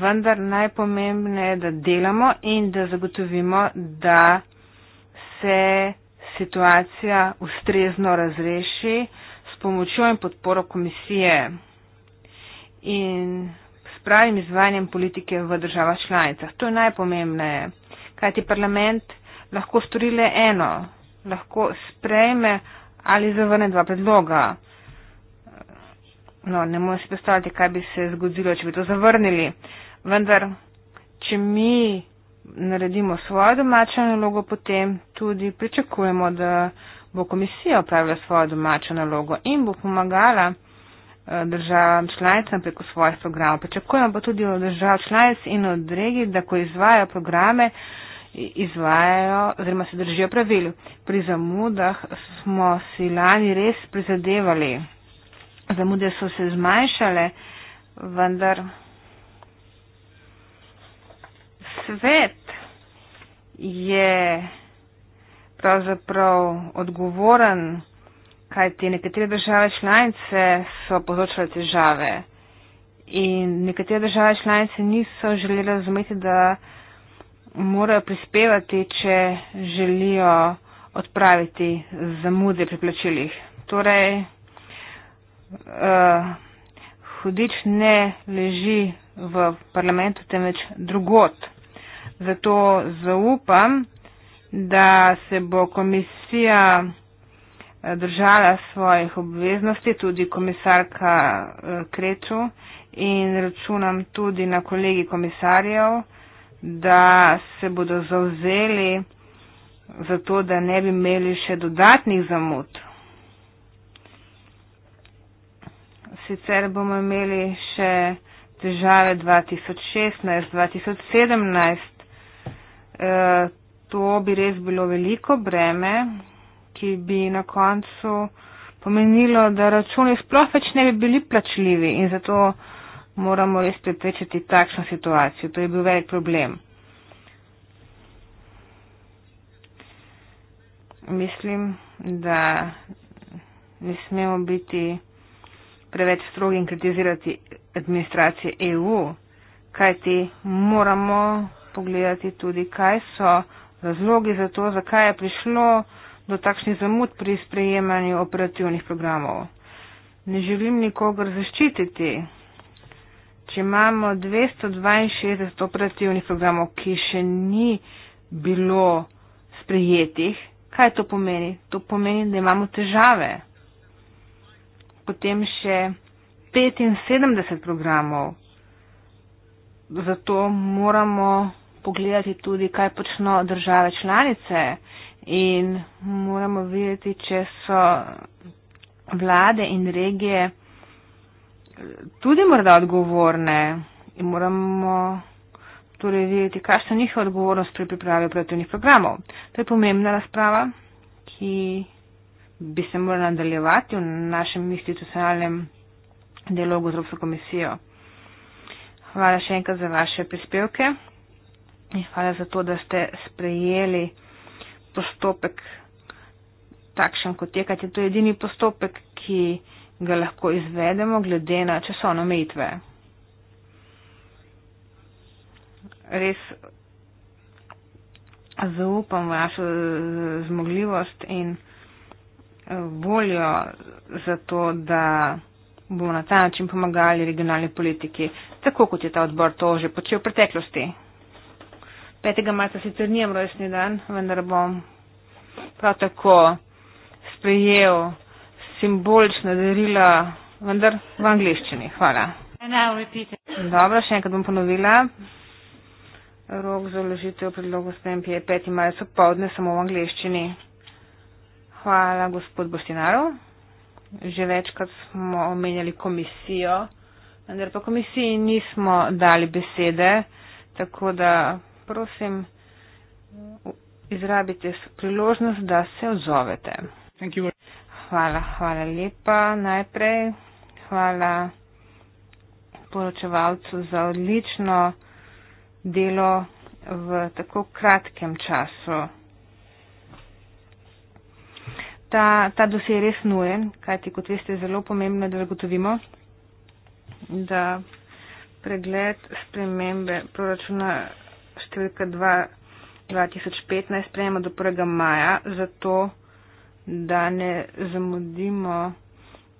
vendar najpomembne je, da delamo in da zagotovimo, da se situacija ustrezno razreši s pomočjo in podporo komisije in s pravim izvajanjem politike v državah članicah. To je najpomembneje kajti parlament lahko stori le eno, lahko sprejme ali zavrne dva predloga. No, ne morem si predstavljati, kaj bi se zgodilo, če bi to zavrnili. Vendar, če mi naredimo svojo domačo nalogo, potem tudi pričakujemo, da bo komisija opravila svojo domačo nalogo in bo pomagala eh, državam članicam preko svojih programov. Pričakujemo pa tudi od držav članic in od regij, da ko izvajo programe, izvajajo oziroma se držijo pravil. Pri zamudah smo si lani res prizadevali. Zamude so se zmanjšale, vendar svet je pravzaprav odgovoren, kajti nekatere države članice so povzročale težave in nekatere države članice niso želele razumeti, da morajo prispevati, če želijo odpraviti zamude pri plačilih. Torej, uh, hudič ne leži v parlamentu, temveč drugot. Zato zaupam, da se bo komisija eh, držala svojih obveznosti, tudi komisarka eh, Kreču in računam tudi na kolegi komisarjev da se bodo zauzeli za to, da ne bi imeli še dodatnih zamud. Sicer bomo imeli še težave 2016-2017. Eh, to bi res bilo veliko breme, ki bi na koncu pomenilo, da računi sploh več ne bi bili plačljivi in zato moramo res preprečiti takšno situacijo. To je bil velik problem. Mislim, da ne smemo biti preveč strogi in kritizirati administracije EU, kajti moramo pogledati tudi, kaj so razlogi za to, zakaj je prišlo do takšnih zamud pri sprejemanju operativnih programov. Ne želim nikogar zaščititi, če imamo 262 operativnih programov, ki še ni bilo sprejetih, kaj to pomeni? To pomeni, da imamo težave. Potem še 75 programov. Zato moramo pogledati tudi, kaj počno države članice in moramo videti, če so vlade in regije tudi morda odgovorne in moramo torej vedeti, kakšna je njihova odgovornost pri pripravi operativnih programov. To je pomembna razprava, ki bi se morala nadaljevati v našem institucionalnem dialogu z Evropsko komisijo. Hvala še enkrat za vaše prispevke in hvala za to, da ste sprejeli postopek takšen, kot je, kaj je to edini postopek, ki ga lahko izvedemo glede na časovno omejitve. Res zaupam vašo zmogljivost in eh, voljo za to, da bomo na ta način pomagali regionalni politiki, tako kot je ta odbor to že počel v preteklosti. 5. marca sicer nijem rojstni dan, vendar bom prav tako sprejel simbolična darila, vendar v angliščini. Hvala. Dobro, še enkrat bom ponovila. Rok za vložitev predlogu SPMP je 5. maja sopovdne, samo v angliščini. Hvala, gospod Bostinaro. Že večkrat smo omenjali komisijo, vendar pa komisiji nismo dali besede, tako da prosim, izrabite priložnost, da se odzovete. Thank you hvala, hvala lepa najprej. Hvala poročevalcu za odlično delo v tako kratkem času. Ta, ta dosej je res nujen, kajti kot veste, je zelo pomembno, da zagotovimo, da pregled spremembe proračuna številka 2 2015 sprejema do 1. maja, zato da ne zamudimo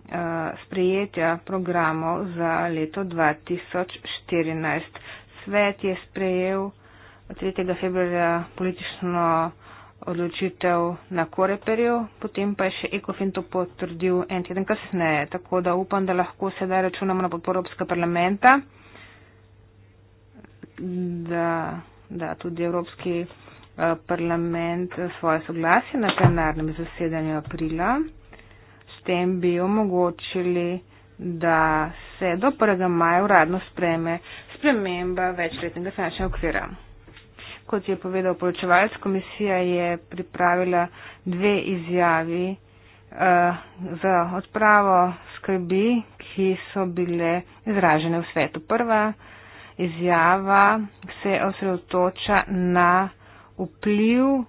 eh, sprejetja programov za leto 2014. Svet je sprejel 3. februarja politično odločitev na Koreperju, potem pa je še Ekofin to potrdil en teden kasneje, tako da upam, da lahko sedaj računamo na podporo Evropskega parlamenta, da, da tudi Evropski Eh, parlament svoje soglasje na plenarnem zasedanju aprila. S tem bi omogočili, da se do 1. maja uradno spreme sprememba večletnega finančnega okvira. Kot je povedal poročevalec, komisija je pripravila dve izjavi uh, za odpravo skrbi, ki so bile izražene v svetu. Prva izjava se osredotoča na vpliv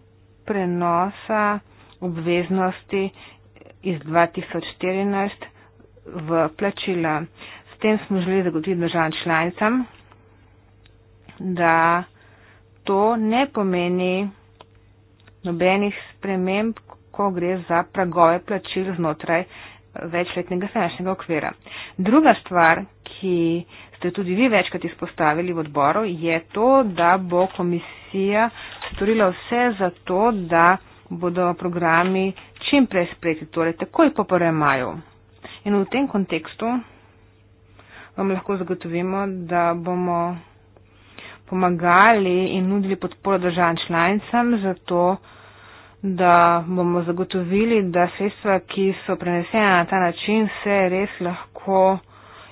prenosa obveznosti iz 2014 v plačila. S tem smo želeli zagotoviti državam članicam, da to ne pomeni nobenih sprememb, ko gre za pragove plačil znotraj večletnega finančnega okvira. Druga stvar, ki ste tudi vi večkrat izpostavili v odboru, je to, da bo komisija komisija storila vse za to, da bodo programi čim prej sprejeti, torej takoj po prvem maju. In v tem kontekstu vam lahko zagotovimo, da bomo pomagali in nudili podporo državam članicam za to, da bomo zagotovili, da sredstva, ki so prenesena na ta način, se res lahko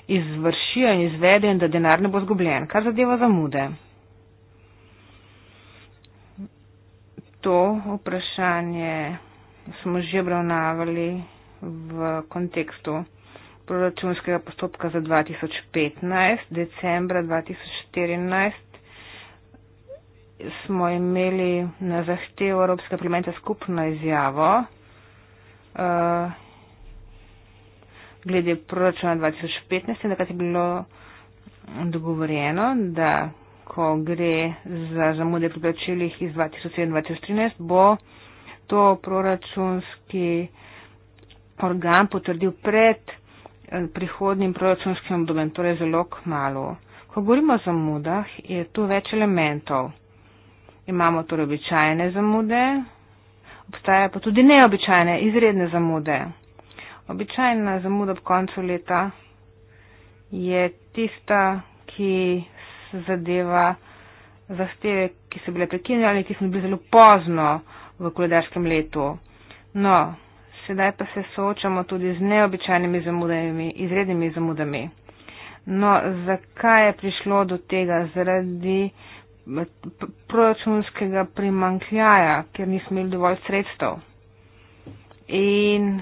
izvršijo in izvedejo in da denar ne bo zgubljen, kar zadeva zamude. to vprašanje smo že obravnavali v kontekstu proračunskega postopka za 2015. Decembra 2014 smo imeli na zahtevo Evropske parlamenta skupno izjavo uh, glede proračuna 2015, da je bilo dogovorjeno, da ko gre za zamude pri plačilih iz 2007-2013, bo to proračunski organ potrdil pred eh, prihodnim proračunskim obdobjem, torej zelo k malu. Ko govorimo o zamudah, je tu več elementov. Imamo torej običajne zamude, obstaja pa tudi neobičajne, izredne zamude. Običajna zamuda ob koncu leta je tista, ki zadeva zahteve, ki so bile prekinjene ali ki smo bili zelo pozno v koledarskem letu. No, sedaj pa se soočamo tudi z neobičajnimi zamudami, izrednimi zamudami. No, zakaj je prišlo do tega? Zaradi eh, proračunskega primankljaja, ker nismo imeli dovolj sredstev. In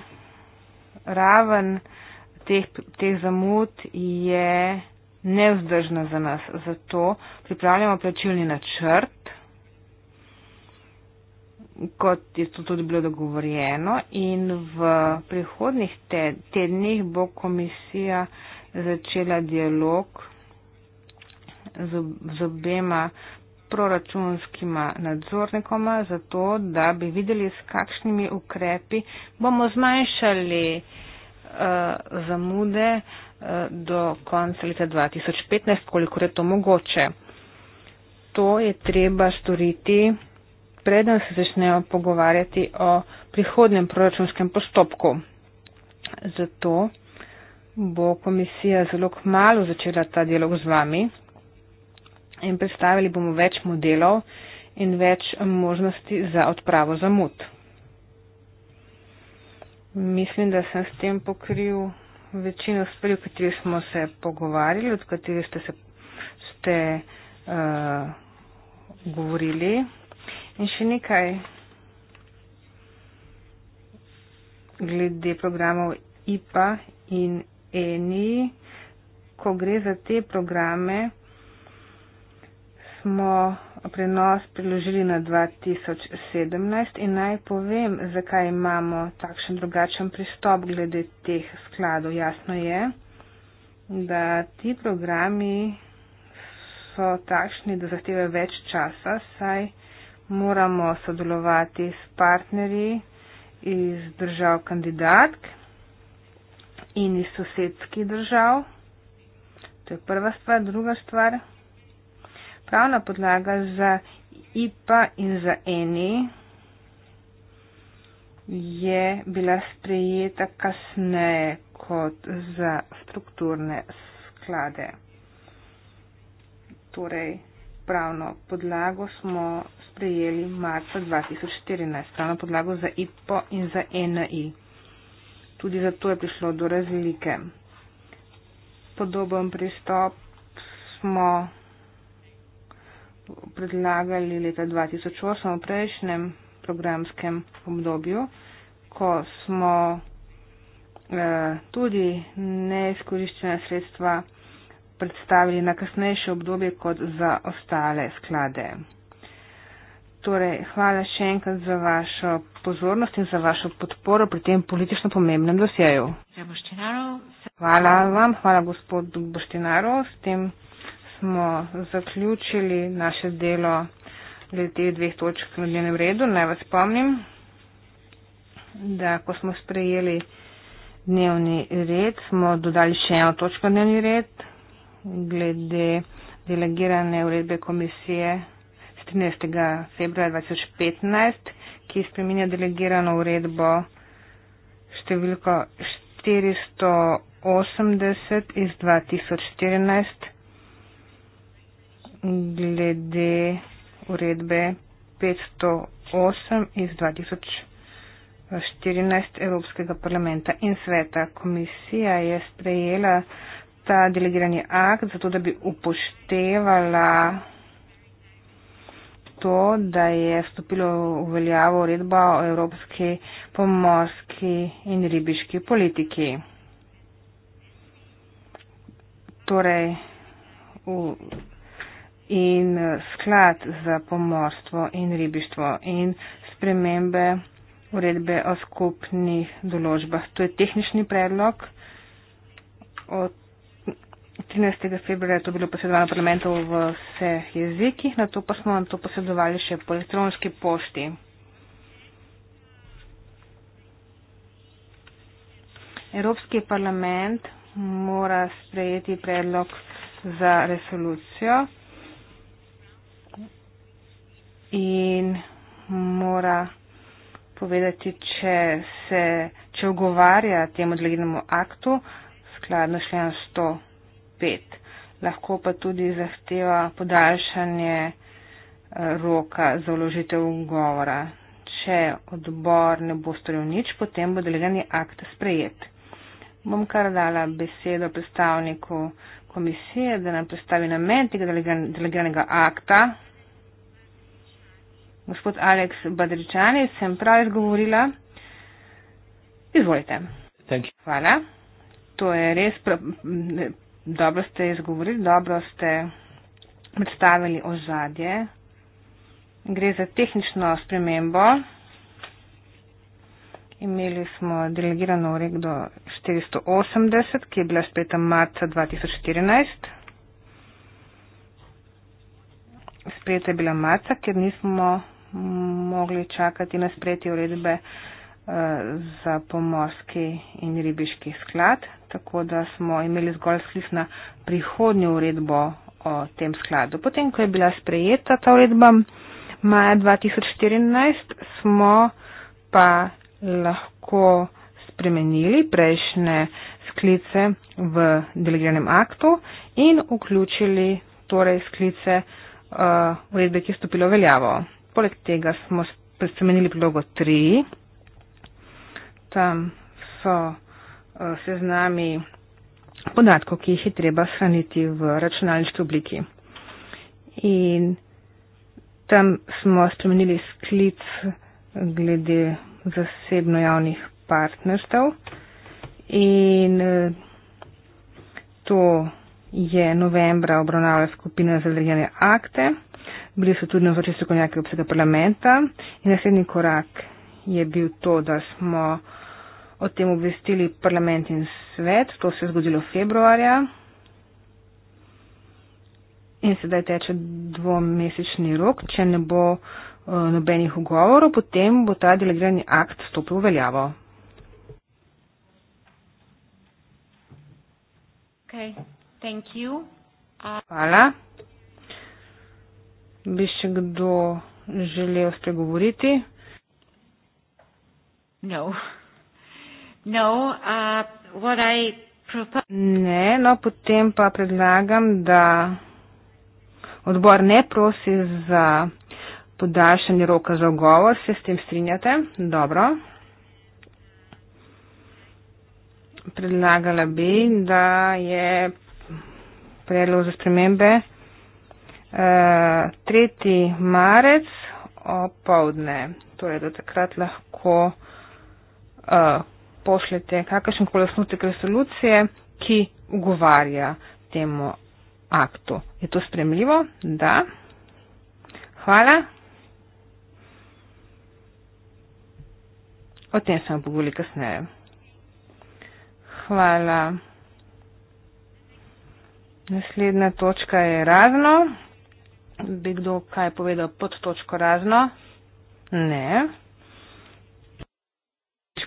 raven teh, teh zamud je nevzdržna za nas. Zato pripravljamo plačilni načrt, kot je to tudi bilo dogovorjeno in v prihodnih tednih bo komisija začela dialog z, z obema proračunskima nadzornikoma, zato da bi videli, s kakšnimi ukrepi bomo zmanjšali uh, zamude, uh, Eh, do konca leta 2015, koliko je to mogoče. To je treba storiti, preden se začnejo pogovarjati o prihodnem proračunskem postopku. Zato bo komisija zelo kmalo začela ta dialog z vami in predstavili bomo več modelov in več možnosti za odpravo zamud. Mislim, da sem s tem pokril večino stvari, o kateri smo se pogovarjali, od kateri ste se ste, uh, govorili. In še nekaj glede programov IPA in ENI. Ko gre za te programe, smo prenos priložili na 2017 in naj povem, zakaj imamo takšen drugačen pristop glede teh skladov. Jasno je, da ti programi so takšni, da zahtevajo več časa, saj moramo sodelovati s partnerji iz držav kandidatk in iz sosedskih držav. To je prva stvar. Druga stvar pravna podlaga za IPA in za ENI je bila sprejeta kasneje kot za strukturne sklade. Torej, pravno podlago smo sprejeli marca 2014, pravno podlago za IPO in za ENI. Tudi zato je prišlo do razlike. Podoben pristop smo predlagali leta 2008 v prejšnjem programskem obdobju, ko smo eh, tudi neizkoriščene sredstva predstavili na kasnejše obdobje kot za ostale sklade. Torej, hvala še enkrat za vašo pozornost in za vašo podporo pri tem politično pomembnem dosjeju. Hvala vam, hvala gospod Boštinarov smo zaključili naše delo glede dveh točk na dnevnem redu. Naj vas spomnim, da ko smo sprejeli dnevni red, smo dodali še eno točko na dnevni red glede delegirane uredbe komisije z 13. februarja 2015, ki spreminja delegirano uredbo številko 480 iz 2014 glede uredbe 508 iz 2014 Evropskega parlamenta in sveta. Komisija je sprejela ta delegirani akt zato, da bi upoštevala to, da je vstopilo v veljavo uredba o evropski pomorski in ribiški politiki. Torej, v in eh, sklad za pomorstvo in ribištvo in spremembe uredbe o skupnih določbah. To je tehnični predlog. Od 13. februarja je to bilo posredovano parlamentu v vseh jezikih, na to pa smo vam to posredovali še po elektronski pošti. Evropski parlament mora sprejeti predlog za resolucijo in mora povedati, če se, če ogovarja temu delegiranemu aktu, skladno šlo na 105. Lahko pa tudi zahteva podaljšanje eh, roka za uložitev ugovora. Če odbor ne bo storil nič, potem bo delegani akt sprejet. Bom kar dala besedo predstavniku komisije, da nam predstavi namen tega delegiranega akta gospod Aleks Badričani, sem prav izgovorila. Izvolite. Hvala. To je res, pra, dobro ste izgovorili, dobro ste predstavili ozadje. Gre za tehnično spremembo. Imeli smo delegirano urek do 480, ki je bila spleta marca 2014. Spleta je bila marca, ker nismo mogli čakati na sprejeti uredbe eh, za pomorski in ribiški sklad, tako da smo imeli zgolj sklis na prihodnjo uredbo o tem skladu. Potem, ko je bila sprejeta ta uredba maja 2014, smo pa lahko spremenili prejšnje sklice v delegiranem aktu in vključili torej sklice uh, uredbe, ki je stopilo veljavo. Poleg tega smo spremenili prilogo 3. Tam so eh, seznami podatkov, ki jih je treba shraniti v računalniški obliki. In tam smo spremenili sklic glede zasebno-javnih partnerstv. In eh, to je novembra obravnavala skupina za zrejene akte. Bili so tudi na vrsti strokovnjaki obsega parlamenta in naslednji korak je bil to, da smo o tem obvestili parlament in svet. To se je zgodilo februarja in sedaj teče dvomesečni rok. Če ne bo uh, nobenih ugovorov, potem bo ta delegirani akt stopil v veljavo. Okay. Thank you. Uh Hvala bi še kdo želel spregovoriti? No. No, uh, ne, no potem pa predlagam, da odbor ne prosi za podaljšanje roka za ogovor. Se s tem strinjate? Dobro. Predlagala bi, da je predlog za spremembe. 3. marec opovdne. Torej, do takrat lahko uh, pošljete kakršen koli osnutek resolucije, ki ugovarja temu aktu. Je to spremljivo? Da. Hvala. O tem smo pogovorili kasneje. Hvala. Naslednja točka je razno bi kdo kaj povedal pod točko razno? Ne.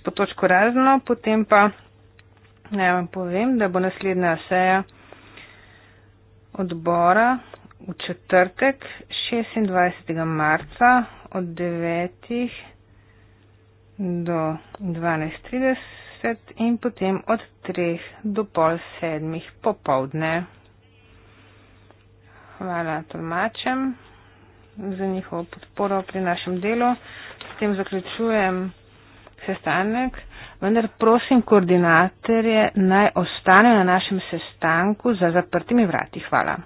Pod točko razno, potem pa naj vam povem, da bo naslednja seja odbora v četrtek 26. marca od 9. do 12.30 in potem od 3. do pol sedmih popovdne. Hvala tolmačem za njihovo podporo pri našem delu. S tem zaključujem sestanek. Vendar prosim koordinatorje naj ostanejo na našem sestanku za zaprtimi vrati. Hvala.